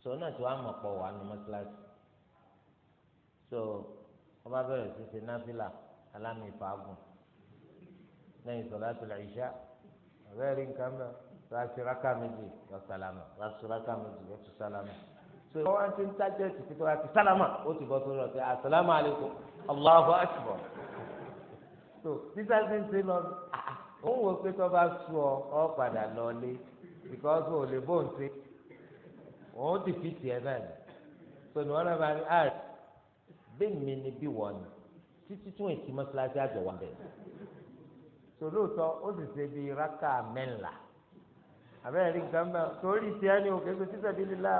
so náà tí wàá mọ̀ pọ̀ wà nù mọ́sálásí so wọ́n bá bẹ̀rẹ̀ sí ṣe náfìlà alámì ìfàgùn lẹ́yìn sọ̀látul ìṣá ọ̀rẹ́ rí nǹkan mọ́ lọ́sọ̀rọ̀ kàméjì lọ́sọ̀lámà lọ́sọ̀rọ̀ kàméjì lọ́sọ̀lámà so wọn wá ti ń tájẹ títí tó wá ti sálámà ó ti bọ sórí ọtí àsálámà Allahu akbar so títà ti ń ṣe lọ òun wò pé tó bá sú ọ ọ padà lọlé because o lè bó ń ṣe òun ti fi tiẹ̀ náà ni so ni wọn náà bá ní àrè bẹ́ẹ̀ mi ni bí wọ́n ni títí tún èsì mọ́ṣáláṣí àjọ wà bẹ́ẹ̀ so lóòótọ́ ó sì ṣe bíi rákà mẹ́ńlá àbẹ́rẹ́ rí nǹkan torí tiẹ̀ ni òkè tó títà bí lílá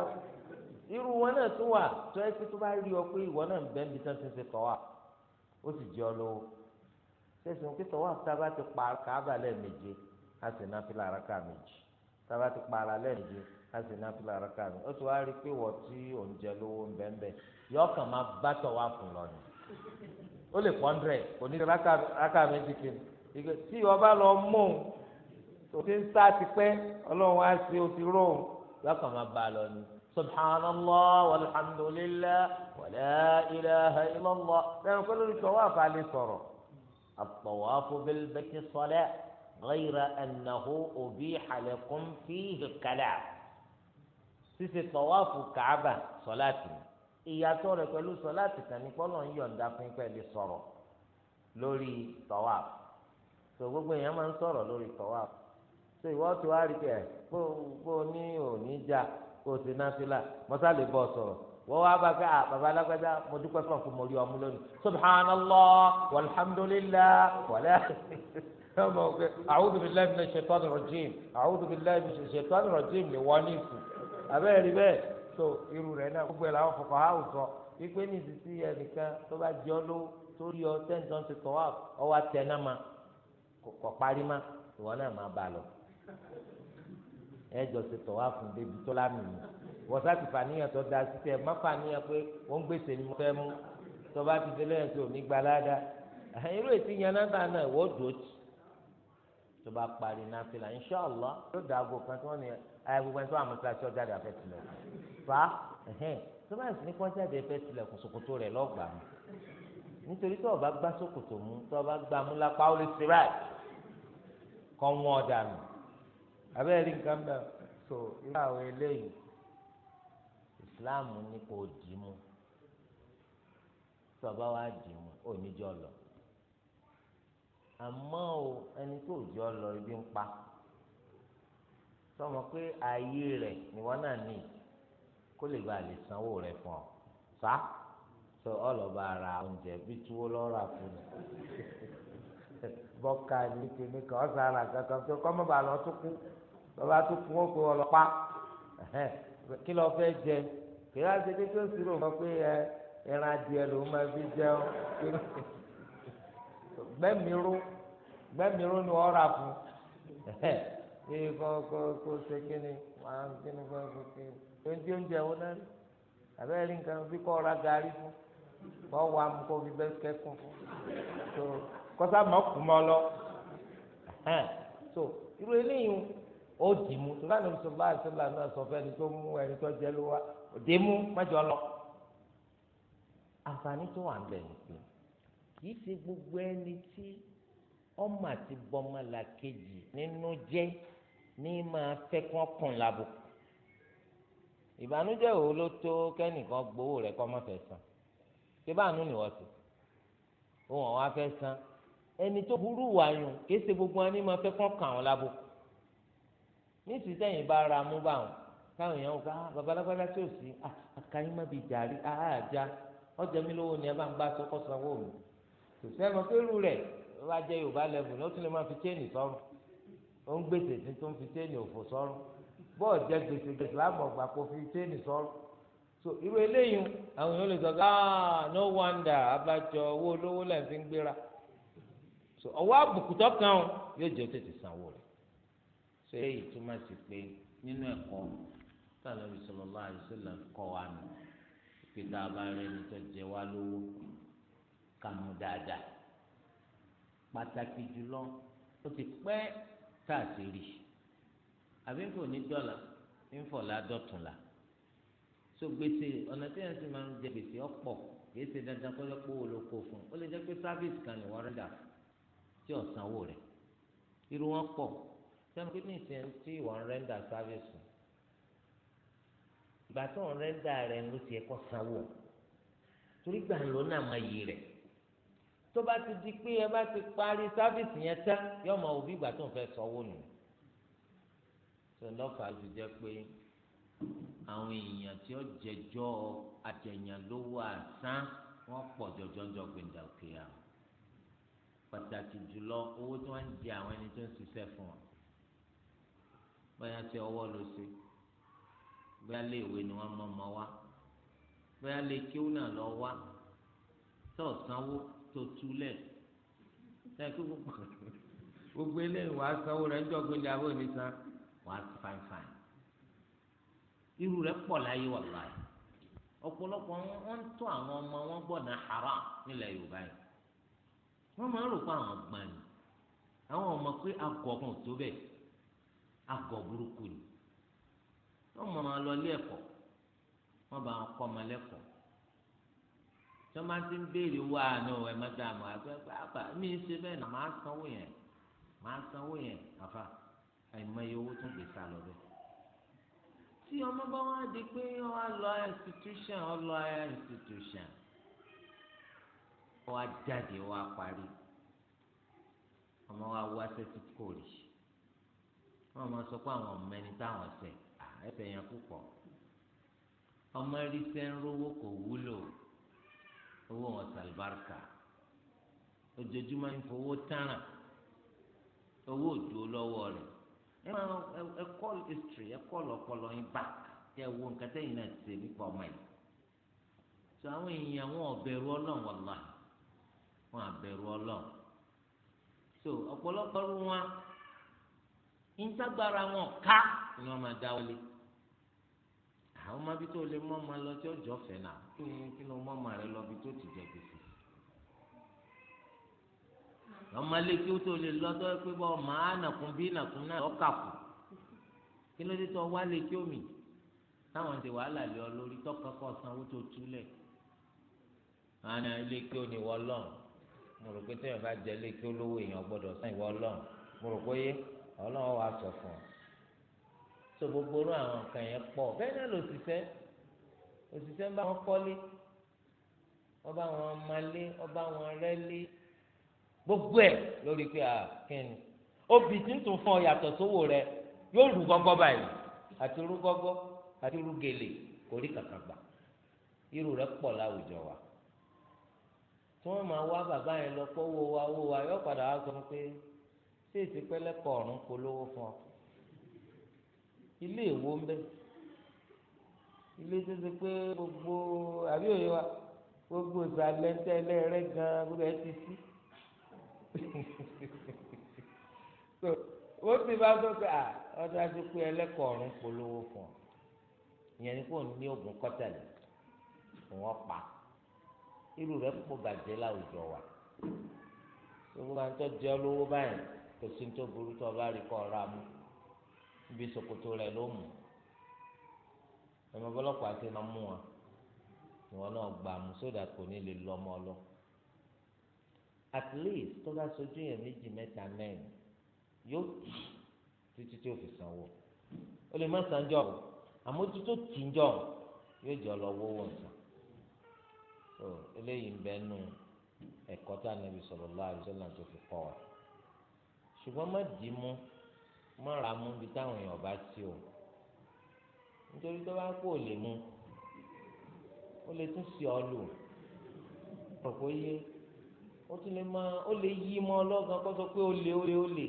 irú wọn náà tún wà tó ẹ pé tó bá rí ọ pé ìwọ náà ń bẹ́ẹ̀ bí tán ṣe ṣe tọ́ wà ó sì jẹ́ ọ lówó ṣẹ̀ṣẹ̀ pé tọ́wọ́ tábà ti pa káàbà lẹ́ẹ̀méje a sì ná fílà àràkà méjì tábà ti pa ara lẹ́ẹ̀méje a sì ná fílà àràkà méjì ó sì wá rí pé wọ́n tí òun jẹ lówó ń bẹ́ẹ̀ bẹ́ẹ̀ yọ kàn máa bá tọ́wọ́ fún lọ ni ó lè pọ́n kò ní àràkà méjì kiri ìgbẹ́ tí ìwọ سبحان الله والحمد لله ولا إله إلا الله لأن كل الطواف عليه صار الطواف بالبيت صلاة غير أنه أبيح لكم فيه الكلام سيسي طواف الكعبة صلاة ìyàtọ̀ rẹ̀ pẹ̀lú sọláàtì kan ní kọ́lọ̀ ń yọ̀ǹda fún pẹ̀lú sọ̀rọ̀ lórí tọ́wàf tó gbogbo èèyàn máa ń sọ̀rọ̀ lórí tọ́wàf tó ìwọ́ tó wá rí pé bó ní òní já kó o ṣe náfìlà mọ́sá lè bọ́ sọ̀rọ̀ wọ́n wá bá ká bàbá alágbádá mo dúpẹ́ fún ọkùnrin mo rí ọmú lónìí subhanallah walhamdulillah wàlẹ́ a'udhu billahi minash shaitani rajim a'udhu billahi minash shaitani rajim ni wọ́n ní ìsìn abẹ́rẹ́ rí bẹ́ẹ̀ so irú rẹ̀ náà gbogbo ẹ̀ làwọn fọkàn á sọ wípé ní ìsìsí ẹnìkan tó bá jẹ́ ọ́ tó rí ọ tẹ́ǹtọ́ ti tọ́ wá ọ wá kọ̀ parí ma ìwọ náà má ba lọ ẹjọ ṣe tọ̀ wá fún débi tó lámì mi wọ́sá ti fàníyàn tó da sí tẹ má fàníyàn pé wọ́n gbèsè ni mo fẹ́ mú tó bá ti délé yẹn tó ní gbalada irú ètí yẹn náà bá náà wọ́n dò tì tó bá parí náà fi là inṣọ́ọ̀lá yóò da aago kan tí wọ́n ní ayé gbogbo ẹni tó àmọ́ sí aṣọ jáde àfẹ́ tilẹ̀ fa tó bá ní kọ́ jáde fẹ́ tilẹ̀ kò ṣòkòtò rẹ̀ lọ́gbàá mu nítorí tó o bá gbá ṣòkòtò mu tó o bá gbá mu lápá ó lè ṣe báyìí kọ́ wọ́n ọ̀dà abẹ́rẹ́ rí nǹkan bẹ́ẹ̀ so irú àwọn eléyìí islam ní kò dì mú tọba wa dì mú oníjọ lọ àmọ́ o ẹni tó jọ lọ ibi ń pa sọmọ pé ààyè rẹ̀ níwọ náà ní kó lè ba lè sanwó rẹ̀ fún ọ sá sọ ọlọba ara oúnjẹ bí tuwo lọ́ra fún mi bọ́ka ní kíní kan ọ̀sán ara kankan tó kọ́ mọ́ lọ tó kú lọ́ba tó kún ó pé ọlọ́pàá kí lọ fẹ́ jẹ kí wọ́n á ṣe pé kí ó sì rò wọ́n pé ẹran adìẹ lòún máa fi jẹun gbẹ́mìíró gbẹ́mìíró ni wọ́n rà fún kí kò kò kò ṣe kí ni wàá kí ni kò kò kí ni tó di oúnjẹ wọn náà rí àbẹ́rẹ́ rí nǹkan bí kò ra gàrí fún kò wà mú kò fi bẹ́ẹ̀ kẹ́kùn fún kò sá mọ̀ lọ so irú eléyìí ó dì mú tó lánàá sọ bá àṣọ lànà sọ fẹ́ ẹni tó mú ẹni tó jẹ́ ló wá òde mú mẹ́jọ lọ. àǹfààní tó wà ń bẹ̀ nìkan kì í ṣe gbogbo ẹni tí ọmọ àti bọmọlà kejì nínú jẹ́ ní máa fẹ́ kán lábò. ìbànújẹ́ wo ló tó kẹ́nìkan gbowó rẹ̀ kọ́ mọ́ fẹ́ san ṣé ni wọ́n ti òun àwọn afẹ́ san ẹni tó burú wà yùn kì í ṣe gbogbo ẹni máa fẹ́ kàn lábò ní ti sẹ́yìn bá ra mú bá wọn káwọn èèyàn ká ah, babalágbádá tí ò ah, àkàyìn má bi jàrí ah, àájá ọjà mi lówó ni ẹ bá ń bá sọkọ sanwó mi kò sẹ́nu pẹ̀lú rẹ̀ ló bá jẹ́ yorùbá lẹ́bùn ló tún lè máa fi chéènì sọ́rùn ó ń gbèsè tí tó ń fi chéènì òfò sọ́rùn bọ́ọ̀ jẹ́ gbèsè gbèsè láàmú ọgbà kó so irú eléyìí àwọn èèyàn lè sọ pé ah no wonder abájọ owó olówó lẹ́yìn fi ń gbéra so ọwọ́ àbùkù yóò jẹ́ ṣé èyí túmọ̀ sí pé nínú ẹ̀kọ́ tààlà bisalòlá àdìsílà kọ́ wa nù pété abalẹ̀ nítọ́ jẹ wá lówó kàmú dáadáa pàtàkì jùlọ ó ti pẹ́ tá a ti rí àbí kò ní dọ́là ń fọ̀lá dọ̀túnla so gbèsè ọ̀nà tí yẹn ti máa ń jẹ gbèsè ọ̀pọ̀ kìí ṣe dandan kó lè pọ̀ wọlé kó fún un ó lè jẹ́ pé sáfíìsì kan ní wọ́n rẹ̀ dà tí ọ̀sánwó rẹ̀ irú wọn pọ̀ sẹ́mi pé ní ìsìn tí ìwọ ń rẹ́ńdà sáfíìsì ìgbà tó ń rẹ́ńdà rẹ̀ ló ti ẹ̀kọ́ sanwó torí gbà ń lò náà máa yí rẹ̀ tó bá ti di pé ẹ bá ti parí sáfíìsì yẹn tán yóò máa òbí ìgbà tó ń fẹ́ sanwó nù tó lọ́fà jẹ́ pé àwọn èèyàn tí ó jẹjọ́ àtẹ̀yàn lówó àsán wọ́n pọ̀ jọjọ́jọ́ gbẹ̀dàkìyà pàtàkì jùlọ owó tí wọ́n ń jẹ àwọn ẹni tó ń ṣiṣẹ́ fún wọn bóyá tí ọwọ́ ló ṣe bóyá lé ìwé ni wọ́n mọ̀ ọmọ wa bóyá lé kíw náà lọ wá tó sanwó tó túlẹ̀ ṣe kí gbogbo eléyìí wàá sanwó rẹ̀ níjọ́ gbélé abó ní san wàá ti fain fain irú rẹ̀ pọ̀ láyé wà láyé ọ̀pọ̀lọpọ̀ wọn ń tún àwọn ọmọ wọn gbọ̀nà haram nílẹ̀ Yorùbá yìí wọ́n máa ń rò pé àwọn gbani àwọn ọmọ pé agọ̀ ọkàn ò tó bẹ́ẹ̀ agọ burúkú ni wọn mọ àwọn lọlé ẹ̀kọ́ wọn bá wọn kọ ọmọ lẹ́kọ̀ọ́ tí wọn bá ti ń béèrè wá àná ẹ má dáa mọ àgbẹ àgbà mi ń ṣe bẹ́ẹ̀ náà máa sanwó yẹn máa sanwó yẹn àfa àìmọye owó tún gbèsè àlọ bẹ́ẹ̀ tí ọmọ bá wá di pé wọn lọ institution wọn lọ institution wọn á jáde wọn á parí ọmọ wa wá sẹ́tí kórìí wọn máa sọ pé àwọn ọmọ ẹni táwọn ṣe ẹsẹ yẹn púpọ̀ ọmọ rí sẹ ń rówó kò wúlò owó wọn sàlùbáríkà ojoojúmọ́ ń fowó tààrà owó òdúró lọ́wọ́ rẹ̀ ẹ máa ẹ kọ́ history ẹ kọ́ lọ́pọlọ yín bá kẹ wo nǹkan tẹ́yìn náà ṣe nípa ọmọ yìí tó àwọn èèyàn wọn ọ̀bẹ̀rù ọlọ́run wàlá wọn àbẹ̀rù ọlọ́run so ọ̀pọ̀lọpọ̀ rú wọn ìtagbára wọn ká ni wọn máa dáwọlé àwọn ọmọ bí tó lè mọ ọmọ lọ tí ọjọ́ fẹ́ náà kí ni kí ni ọmọ ọmọ rẹ lọ bí tó ti jẹ gbèsè ọmọ ilé kí ó tó lè lọ́dọ̀ pé bọ́ ọmọ ànàkùn bí nàkùn náà lọ́kà kù kí ló dé tó wá lè kí omi táwọn ti wàhálà lé ọ lórí tọkọkọ sanwó tó túlẹ̀ àná ilé kí ó ní wọ́ mo rò pé téèyàn bá jẹ ilé kí ó lówó èèyàn gbọ́dọ̀ san ìwọ́ mo rò pé yé ọlọ́run wàá sọ fún ọ so gbogbo orú àwọn nǹkan yẹn pọ̀ bẹ́ẹ̀ náà lòṣìṣẹ́ òṣìṣẹ́ ń bá wọn kọ́lé wọ́n bá wọn malé wọ́n bá wọn rẹ́lé gbogbo ẹ̀ lórí pé àkínni obì tí ń tún fún ọ yàtọ̀ sówó rẹ yóò rú gọ́gọ́ báyìí àti rú gọ́gọ́ àti rú gèlè kò rí kàkà gbà irú rẹ pọ̀ láwùjọ wa tí wọ́n máa wá bàbá yẹn lọ pé owó wa owó wa yóò padà wá sọ pé tí èsì pẹlẹkọ ọrùn polówó fún ọ ilé ìwò ń bẹ ilé tó ṣe pé gbogbo àbí òye wa gbogbo ìsàlẹ̀ tẹ́lẹ̀ rẹ gan gbogbo ẹ ti sí ó ti bá tó pé ọdún àti pé ẹlẹ́kọ̀ọ́ ọ̀run polówó fún ọ ìyẹn ni kò ní oògùn kọ́tẹ̀lẹ̀ wọ́n pa irú rẹ̀ pọ̀ bàjẹ́ láwùjọ wa gbogbo àwọn tó jẹ́ olówó báyìí kò sí tó burú tó bá rí kọ́ ọ̀rá mu ibi ṣòkòtò rẹ̀ ló mú ẹ̀mọ́ bọ́lọ́pàá ti máa mú wọn ìwọ náà gbà mú sódà kò ní lè lọ ọmọ lọ at least tó bá sojú yẹn méjì mẹ́ta mẹ́rin yóò tì títí tí ó fi sanwó ó lè má sanjọ́ o àmójútó tì ń jọ yóò jọ lọ wọ́wọ́ nǹkan so eléyìí ń bẹ́ẹ̀ nù ẹ̀kọ́ tá a nàbì sallallahu alaihi wasallam tó fi kọ́ wa ṣùgbọ́n má dì í mú má ra mú bí táwọn èèyàn bá sí o nítorí tó bá kó o lè mú o lè tún sí ọ lò ọ̀pọ̀ yé o tún lè máa o lè yí mọ́ ọlọ́gàn kó sọ pé o lè o lè o lè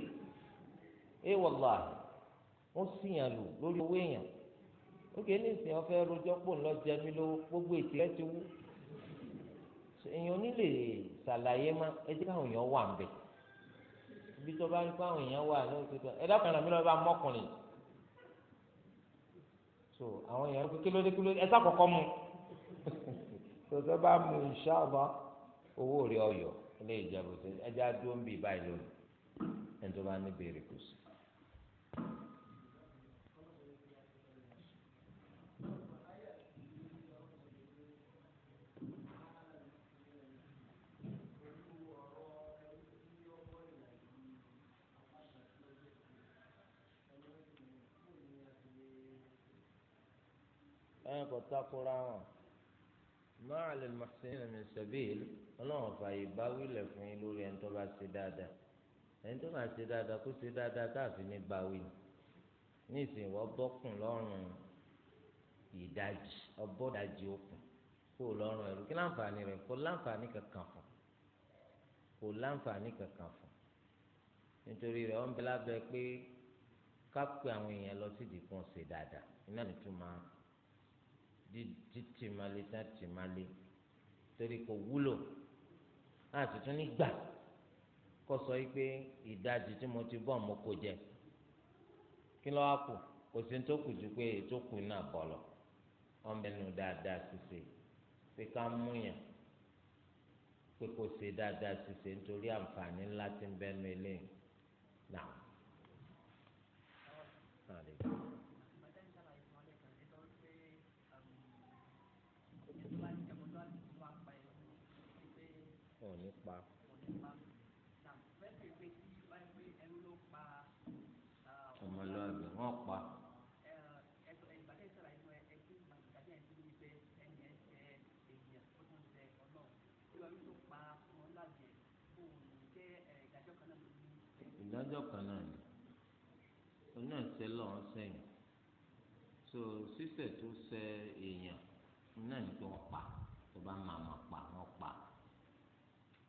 ẹ wọ̀lá ó sì yàn lò lórí owó èèyàn ókè ní ìsìn ọ̀fẹ́ rojọ́ pò ńlọ jẹmi lówó gbogbo ètò rẹ ti wú èèyàn ò ní lè ṣàlàyé má ẹ jẹ́ káwọn èèyàn wà ń bẹ̀ ibi tó bá rí pé àwọn èèyàn wà lórí pípẹ́ ẹ dákun ẹ̀ràn mi lọ́wọ́ bá mọ́kùnrin so àwọn èèyàn pé kílódé kílódé ẹ sákòókò mu tó tó bá mu ìṣàbá owó rí ọyọ ilé ìjẹbù tó ẹjẹ adó báyìí lónìí ẹni tó bá ní bèrè kù sí. ẹn kò takora wọn máa lè màsínì lè sẹbi ọlọ́run fààyè bá wílẹ̀ fún yín lórí ẹni tó bá ṣe dáadáa ẹni tó bá ṣe dáadáa kó ṣe dáadáa káàfin ní báwí ní ìsìn wọ́n bọ́kùn lọ́rùn ìdajì ọbọ̀dajì okùn kó lọ́rùn ẹ̀rú kí láǹfààní rẹ̀ kó láǹfààní kankan fún kó láǹfààní kankan fún nítorí rẹ̀ wọ́n bẹ lábẹ́ pé ká pé àwọn èèyàn lọ sídìí kan ṣe dáadáa iná nìtúmọ̀ títìmálé tá tìmálé torí kò wúlò àti tún nígbà kó sọ yìí pé ìdajì tí mo ti bọ̀ mo kò jẹ kí ló wá kù kò sí tó kù ju pé ètò kù náà bọ̀ lọ ọmọ dáadáa ṣiṣe pé ká mú yàn pé kò ṣe dáadáa ṣiṣe nítorí àǹfààní ńlá ń bẹ́nu lọ́n sẹ́yìn so sísẹ̀ tó sẹ èèyàn náà ní pé wọ́n pa tó bá máa ma pa wọ́n pa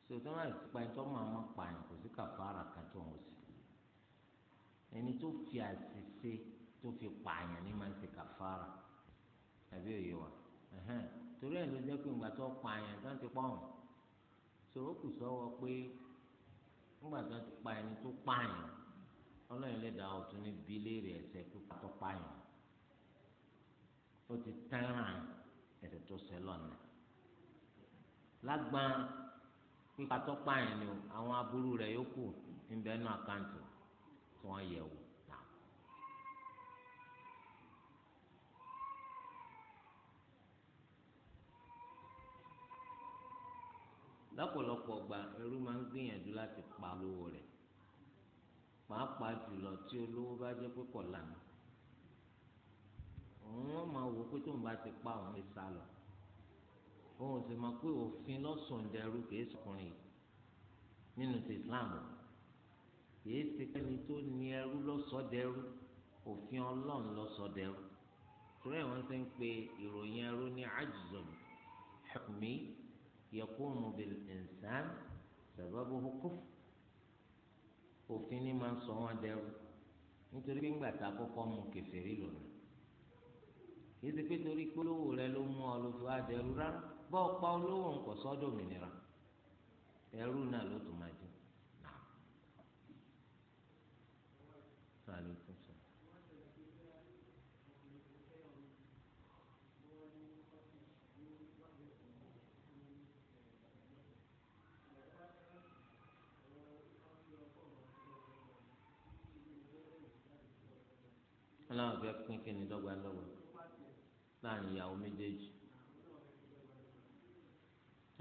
so tó máa ti pa ẹni tó máa ma pa yẹn kò sí kàfàrà kan tó ń sí ẹni tó fi àṣìṣe tó fi pààyàn ní máa ń ṣe kàfàrà àbí òye wa torí ẹ̀ ló jẹ́ pé ìgbà tó pààyàn tó ń ti pọ̀ ọ̀hún so ó kù sọ́wọ́ pé ńgbà tó ti pa ẹni tó pààyàn. ọlọ́run lè dà ọ̀tún ní bíléèrè ẹ̀ṣẹ̀ pípa tó pààyàn ó ti tẹ́ràn ẹ̀ṣẹ̀ tó ṣẹ lọ́nà lágbọn pípa tó pààyàn ni àwọn aburú rẹ̀ yókù ń bẹ́ẹ̀ àkáǹtì tí wọ́n yẹ̀ wò. lọ́pọ̀lọpọ̀ gba ẹrú máa ń gbìyànjú láti pa lówó rẹ̀ pàápàá jùlọ tí olówó bá jẹ́ pé kọ̀ lànà òun máa wò pé tóun bá ti pa òun lè sá lọ òun sì máa pé òfin lọ́sùn dẹrú kìí sọkùnrin nínú ti Islam kìí ṣe pẹ́ni tó ní ẹrú lọ́sọ̀dẹrú òfin ọlọ́run lọ́sọ̀dẹrú torí àwọn ṣe ń pe ìròyìn ẹrú ní ajzun hukmi yaqumu bil insan sababuhu kufr. òfin ni máa ń sọ wọn dẹrù nítorí pé ńgbà tá a kọ́kọ́ mú kèfèrí lónìí kì í ṣe pé torí polówó rẹ ló mú ọ ló fi wá dẹrú rárá bọ́ ọ pa olówó nǹkan sọ́dọ̀ òmìnira ẹrú náà ló tún máa jẹ náà. láàrin ìyàwó méjèèjì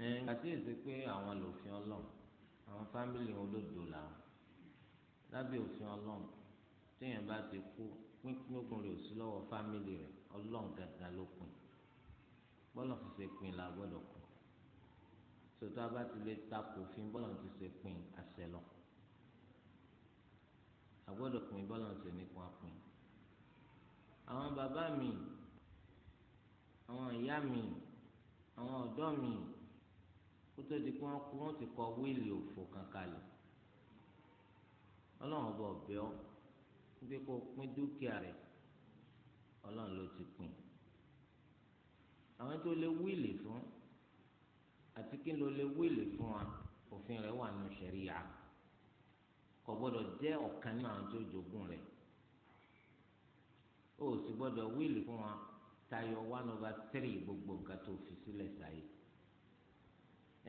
ẹ àti èsì pé àwọn lòfin ọlọ́run àwọn fámìlì olódò làwọn lábẹ́ òfin ọlọ́run téèyàn bá ti kú pínpín ogun rẹ̀ sí lọ́wọ́ fámìlì rẹ̀ ọlọ́run gàgà ló pin bọ́lá ti ṣe pin la gbọ́dọ̀ kú sọtọ́ abá ti lè takò fún bọ́lá ti ṣe pin àṣẹ lọ àgbọ́dọ̀ pin bọ́lá ti ṣe nípa pin àwọn bàbá mi àwọn ìyá mi àwọn ọ̀dọ́ mi kó tó di pé wọ́n kú wọ́n ti kọ wíìlì òfò kankan lẹ̀ ọlọ́run ọba ọ̀bẹ ọ́ wípé kó pín dúkìá rẹ̀ ọlọ́run ló ti pín àwọn tó lè wíìlì fún àti kí ló lè wíìlì fún wa òfin rẹ̀ wà nù sẹ̀ríyà kò gbọ́dọ̀ jẹ́ ọ̀kan nínú tó jogún rẹ̀ o sì gbọ́dọ̀ wíìlì fún wa tayọ one over three gbogbo nǹkan tó fi sílẹ̀ sáyé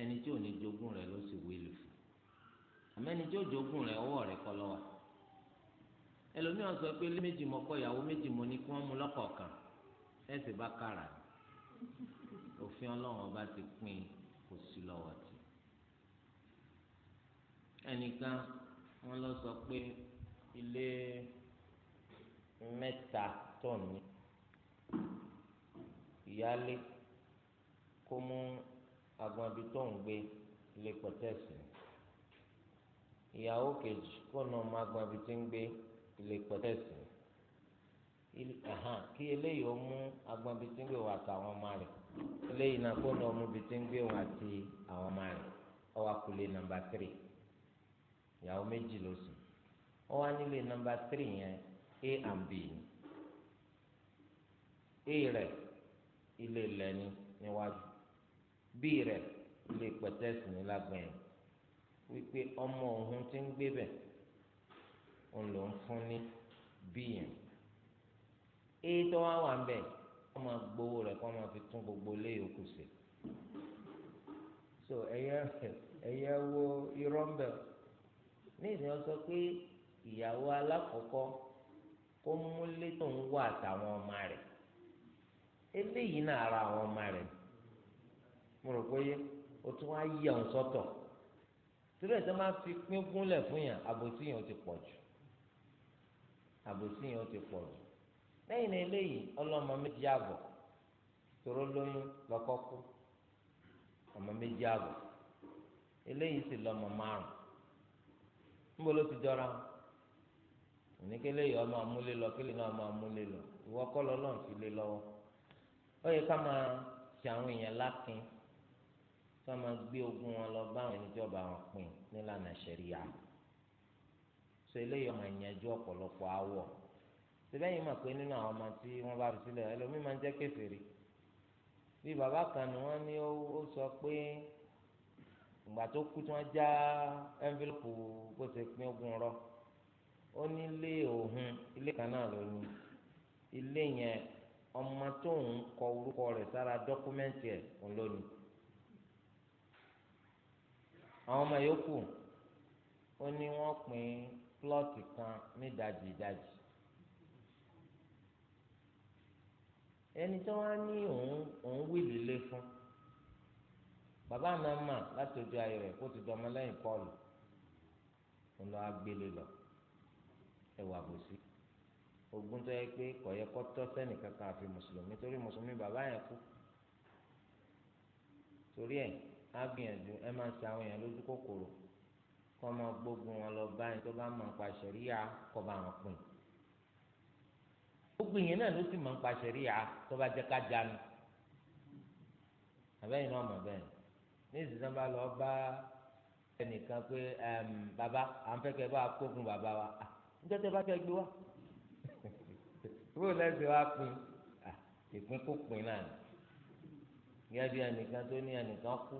ẹni tí ò ní jogún rẹ̀ ló sì wílì fún àmọ́ ẹni tí ó jogún rẹ̀ ọwọ́ rẹ̀ kọ́ lọ́wọ́ ẹlòmíràn sọ pé ilé méjì mọ́kọ́ ìyàwó méjì mo ní kí wọ́n mú lọ́kọ̀ọ̀kan ẹ̀sìn bá kára òfin ọlọ́run ọba ti pín kò sí lọ́wọ́ tì ẹnìkan wọ́n lọ sọ pé ilé mẹ́ta tó ní ìyáálé kó mú agbọn ibi tó ń gbé ilé pẹ̀tẹ́sì ìyàwó kejì kó nà mú agbọn ibi ń gbé ilé pẹ̀tẹ́sì kí eléyìí ó mú agbọn ibi ń gbé wọn àtàwọn ọmọ rẹ̀ eléyìí náà kó nà mú ibi ń gbé àwọn ọmọ akulé nàmbà tírì ìyàwó a and b a ilé ilẹ̀ ni níwájú bí rẹ̀ ilé pẹ̀tẹ́sì ní lágbẹ̀yìn wípé ọmọ òun ti ń gbé bẹ̀ òun ló ń fún ní bíyàn èyí tó wá wà ń bẹ̀ kọ́ máa gbowó rẹ̀ kọ́ máa fi tún gbogbo ilé yòókù sí so ẹ̀yẹ ẹ̀yẹ wo irọ́ ń bẹ̀ ní ìsìn ọ sọ pé ìyàwó alákọ̀ọ́kọ́ kó múlé tó ń wà àtàwọn ọmọ rẹ̀ eléyìí náà ara àwọn ọmọ rẹ mo rò pé o tún wá yí ọ̀hún sọ́tọ̀ torí ẹ̀ tó máa fi pín gúnlẹ̀ fún yàn àbòsí yàn ó ti pọ̀ jù àbòsí yàn ó ti pọ̀ jù lẹ́yìn náà eléyìí ọlọ́mọ méjì àbọ̀ tòró lóyún lọ́kọ kú ọmọ méjì àbọ̀ eléyìí sì lọ́mọ márùn níbo ló ti jọra òní kéléyìí ọmọ amúlé lọ kéléyìí náà ọmọ amúlé lọ ìwọ kọ́ lọ́lọ́run fi lé lọ́wọ́. ó yẹ ká máa ṣe àwọn èèyàn lákin ká máa gbé ogun wọn lọ bá àwọn ẹnìjọba wọn pín nílànà ṣẹríya so eléyìí ọmọ ìyànjú ọ̀pọ̀lọpọ̀ awọ síbẹ̀yìn mọ̀ pé nínú àwọn ọmọ tí wọ́n bá fi sílẹ̀ ẹlòmíín máa ń jẹ́ kèfèrí bí bàbá kan ni wọ́n ní ó sọ pé ìgbà tó kú tí wọ́n já ẹnvilọ́pù bó ṣe pín ogun rọ ó ní ilé òun ilé kan náà ló ní ilé yẹn ọmọ tó ń kọ orúkọ rẹ̀ sára dọ́kúmẹ́ǹtì ẹ̀ ń lónìí àwọn ọmọ yòókù ó ní wọ́n pín plọ́ọ̀tì kan nídajì ìdajì ẹni tó wá ní òun òun wíìlì lé fún bàbá àná mà láti ojú ayé rẹ̀ kó ti dọmọ lẹ́yìn pọ́ọ̀lù ń lọ agbélé lọ ẹwà bòsí ogun tó yẹ pé kò yẹ kó tọ́ sẹ́nì kankan àfi mùsùlùmí torí mùsùlùmí bàbá yẹn kú torí ẹ̀ á gbìyànjú ẹ máa ṣe àwọn èèyàn lójú kòkòrò kó máa gbógun wọn lọ báyìí tó bá máa pa ṣẹ̀ríyà kó bá wọn pín gbogbo yẹn náà ló sì máa ń pa ṣẹ̀ríyà tó bá jẹ́ ká jánu àbẹ́yìn náà mọ̀ bẹ́ẹ̀ ní ìsinsìnyí bá lọ bá ẹnìkan pé bàbá à ń fẹ́ kẹ́ bá kógun bàbá wa nítorí ah, bá fẹ́ gbé wa kúrò lẹ́sẹ̀ wá pin ìpín kó pin náà ni gẹ́gẹ́ bí ẹnìkan tó ní ẹnìkan kú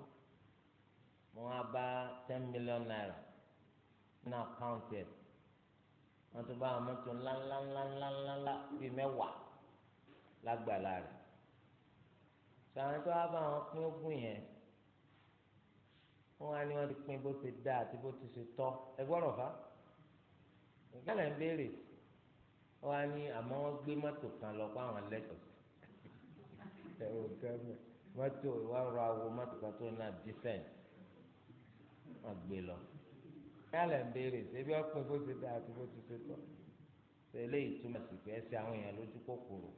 wọ́n á bá ten million naira nínú àkáǹtì ẹ̀ wọ́n tún bá àwọn mọ́tò ńláńláńláńláńlá bíi mẹ́wàá lágbàlá rẹ̀ sàwọn tó wá bá wọn pín ogún yẹn wọ́n á ní wọ́n ti pín bó ti dá àti bó ti ṣe tọ́ ẹ gbọ́dọ̀ fa nǹkan lẹ́ ń béèrè sí wọn á ní àmọ́ wọ́n gbé mọ́tò kan lọ pa àwọn lẹ́tọ̀ọ́ ẹ̀rọ gẹ́gẹ́ mọ́tò wọ́n rọ awo mọ́tò kan tó náà dífẹ̀ǹt wọ́n gbé lọ. yálẹ̀ ń béèrè ṣébi ọ̀pẹ bó ti dá àti bó ti ṣe tọ̀ ṣe eléyìí túmọ̀ sí pé ẹsẹ̀ àwọn èèyàn lójú kòkòrò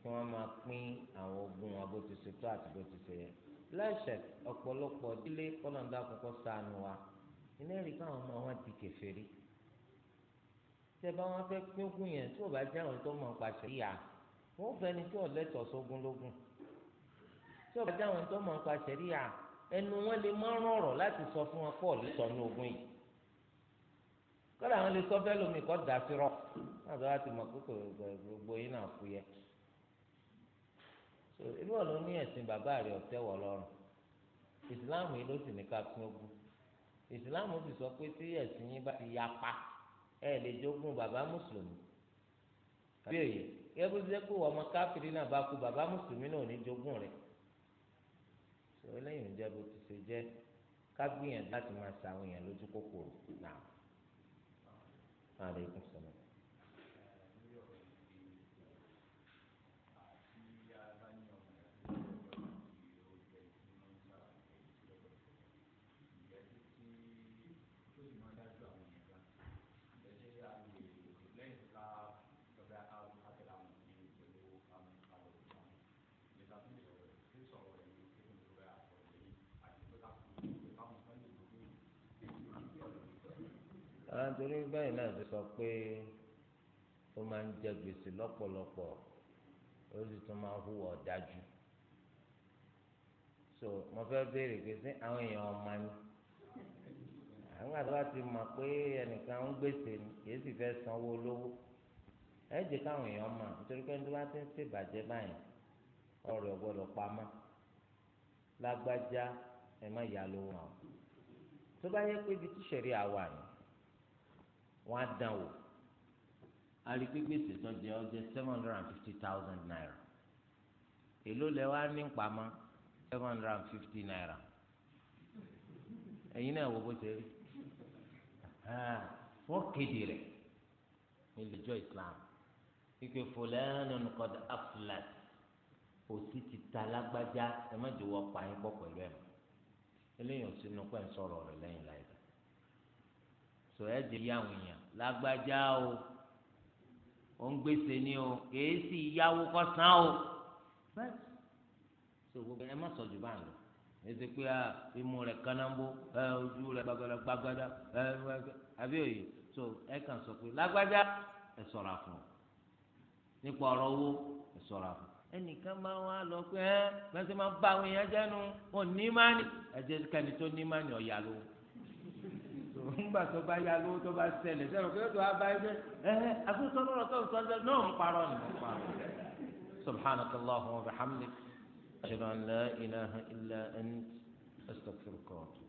kí wọ́n máa pín àwọn ogun wọn bó ti ṣe tọ́ àti bó ti ṣe yẹ. láṣẹ ọ̀pọ̀lọpọ̀ dílé kọ́nà dákun kọ́ sànù wa ilé ìrìkà àwọn ọmọ wọn ti kèfèrí tẹ wọn fẹ́ pín yẹn tí ò bá jẹ́ àwọn tó mọ̀ nípa ṣẹ̀ríà wọ́n fẹ́ ni tí ò lẹ́tọ̀ọ́ sógun lógún tí ò bá jẹ́ àwọn tó mọ̀ nípa ṣẹ̀ríà ẹnu wọn lè má rọrọ̀ láti sọ fún wọn pọ̀ lẹ́tọ̀ọ́ ní ogún yìí kọ́lá àwọn lè sọ fẹ́ lómi kọ́ dà sí rọ náà wá ti mọ̀ pé gbogbo yín náà kú yẹ irú ọ̀ ló ẹ̀sìn bàbá rẹ̀ ọ̀tẹ́ wọ̀ lọ́rùn ìsìláàmù yìí ló sì ní ká pín ogún ìsìláàmù ti sọ pé tí ẹ̀sìn yín bá ti yapa ẹ lè jogún bàbá mùsùlùmí àbí òye yẹ kó jẹ pé ọmọ káfíìrì náà bá kú bàbá mùsùlùmí náà ò ní jogún rẹ̀ sọ lẹ́yìn ìjẹ bó ti ṣe jẹ ká gbìyànjú láti máa ṣàwọn èèyàn lójú kòkòrò náà. Alaikum salaam. torí báyìí náà ti sọ pé ó máa ń jẹ gbèsè lọ́pọ̀lọpọ̀ ó sì tún máa ń hùwà ọ̀dájú so mo fẹ́ béèrè pé sí àwọn èèyàn ọmọ ni àwọn àgbà ti mọ̀ pé ẹnìkan ń gbèsè ni kì í sì fẹ́ sanwó lówó ẹ jẹ́ káwọn èèyàn mọ̀ nítorí pé nígbà tí ń ṣèbàjẹ́ báyìí ọ̀rọ̀ gbọ́dọ̀ pamọ́ lágbájá ẹ má yà lówó mọ́ tó bá yẹ pé ibi tíṣẹ̀rí àwa ni wọ́n á dán wò arígbégbèsè tó jẹ ọ jẹ seven hundred and fifty thousand naira èló lẹ wá ní pamọ́ seven hundred and fifty naira ẹ̀yin náà wò bó ṣe rí ah, wọ́n kéde rẹ̀ nílẹ̀jọ́ Islam ike fúlẹ́ẹ̀nù nìkan afúlẹ̀ òsì ti ta lágbájá ẹ má jẹ́ wọ́n pa yín pọ̀ pẹ̀lú ẹ̀ mọ́ eléyìí ò sínú pẹ́ ń sọ̀rọ̀ rẹ̀ lẹ́yìn láìpẹ́ sọ ẹ jẹ yá lágbájá o ò ń gbèsè ni o kèé sì yáwó kọ san o bẹ́ẹ̀ sọ gbogbo ẹ má sọ jù bá ń lọ èsì pé a ah, imú rẹ kanambo ẹ ojú rẹ gbàgbàdà gbàgbàdà ẹ àbí òye so ẹ kàn sọ pé lágbájá ẹ ṣọ́ra fún ọ nípa ọ̀rọ̀ owó ẹ ṣọ́ra fún ẹnìkan máa wá lọ pé ẹ bẹ́ẹ̀ máa bá àwọn èèyàn jẹ́nu wọn ní mánì ẹ jẹ́ kẹ́ni tó ní mánì ọ̀yà lówó nígbà tó bá yá lówó tó bá ṣẹlẹ̀ sẹ́wọ̀n kí ló tó wá bá yín ẹ àtúntò lọ́rọ̀ tó sọ ọ́ náà ń parọ́ ni ń parọ́. سبحانك اللهم وبحمدك أشهد أن لا إله إلا أنت أستغفرك وأتوب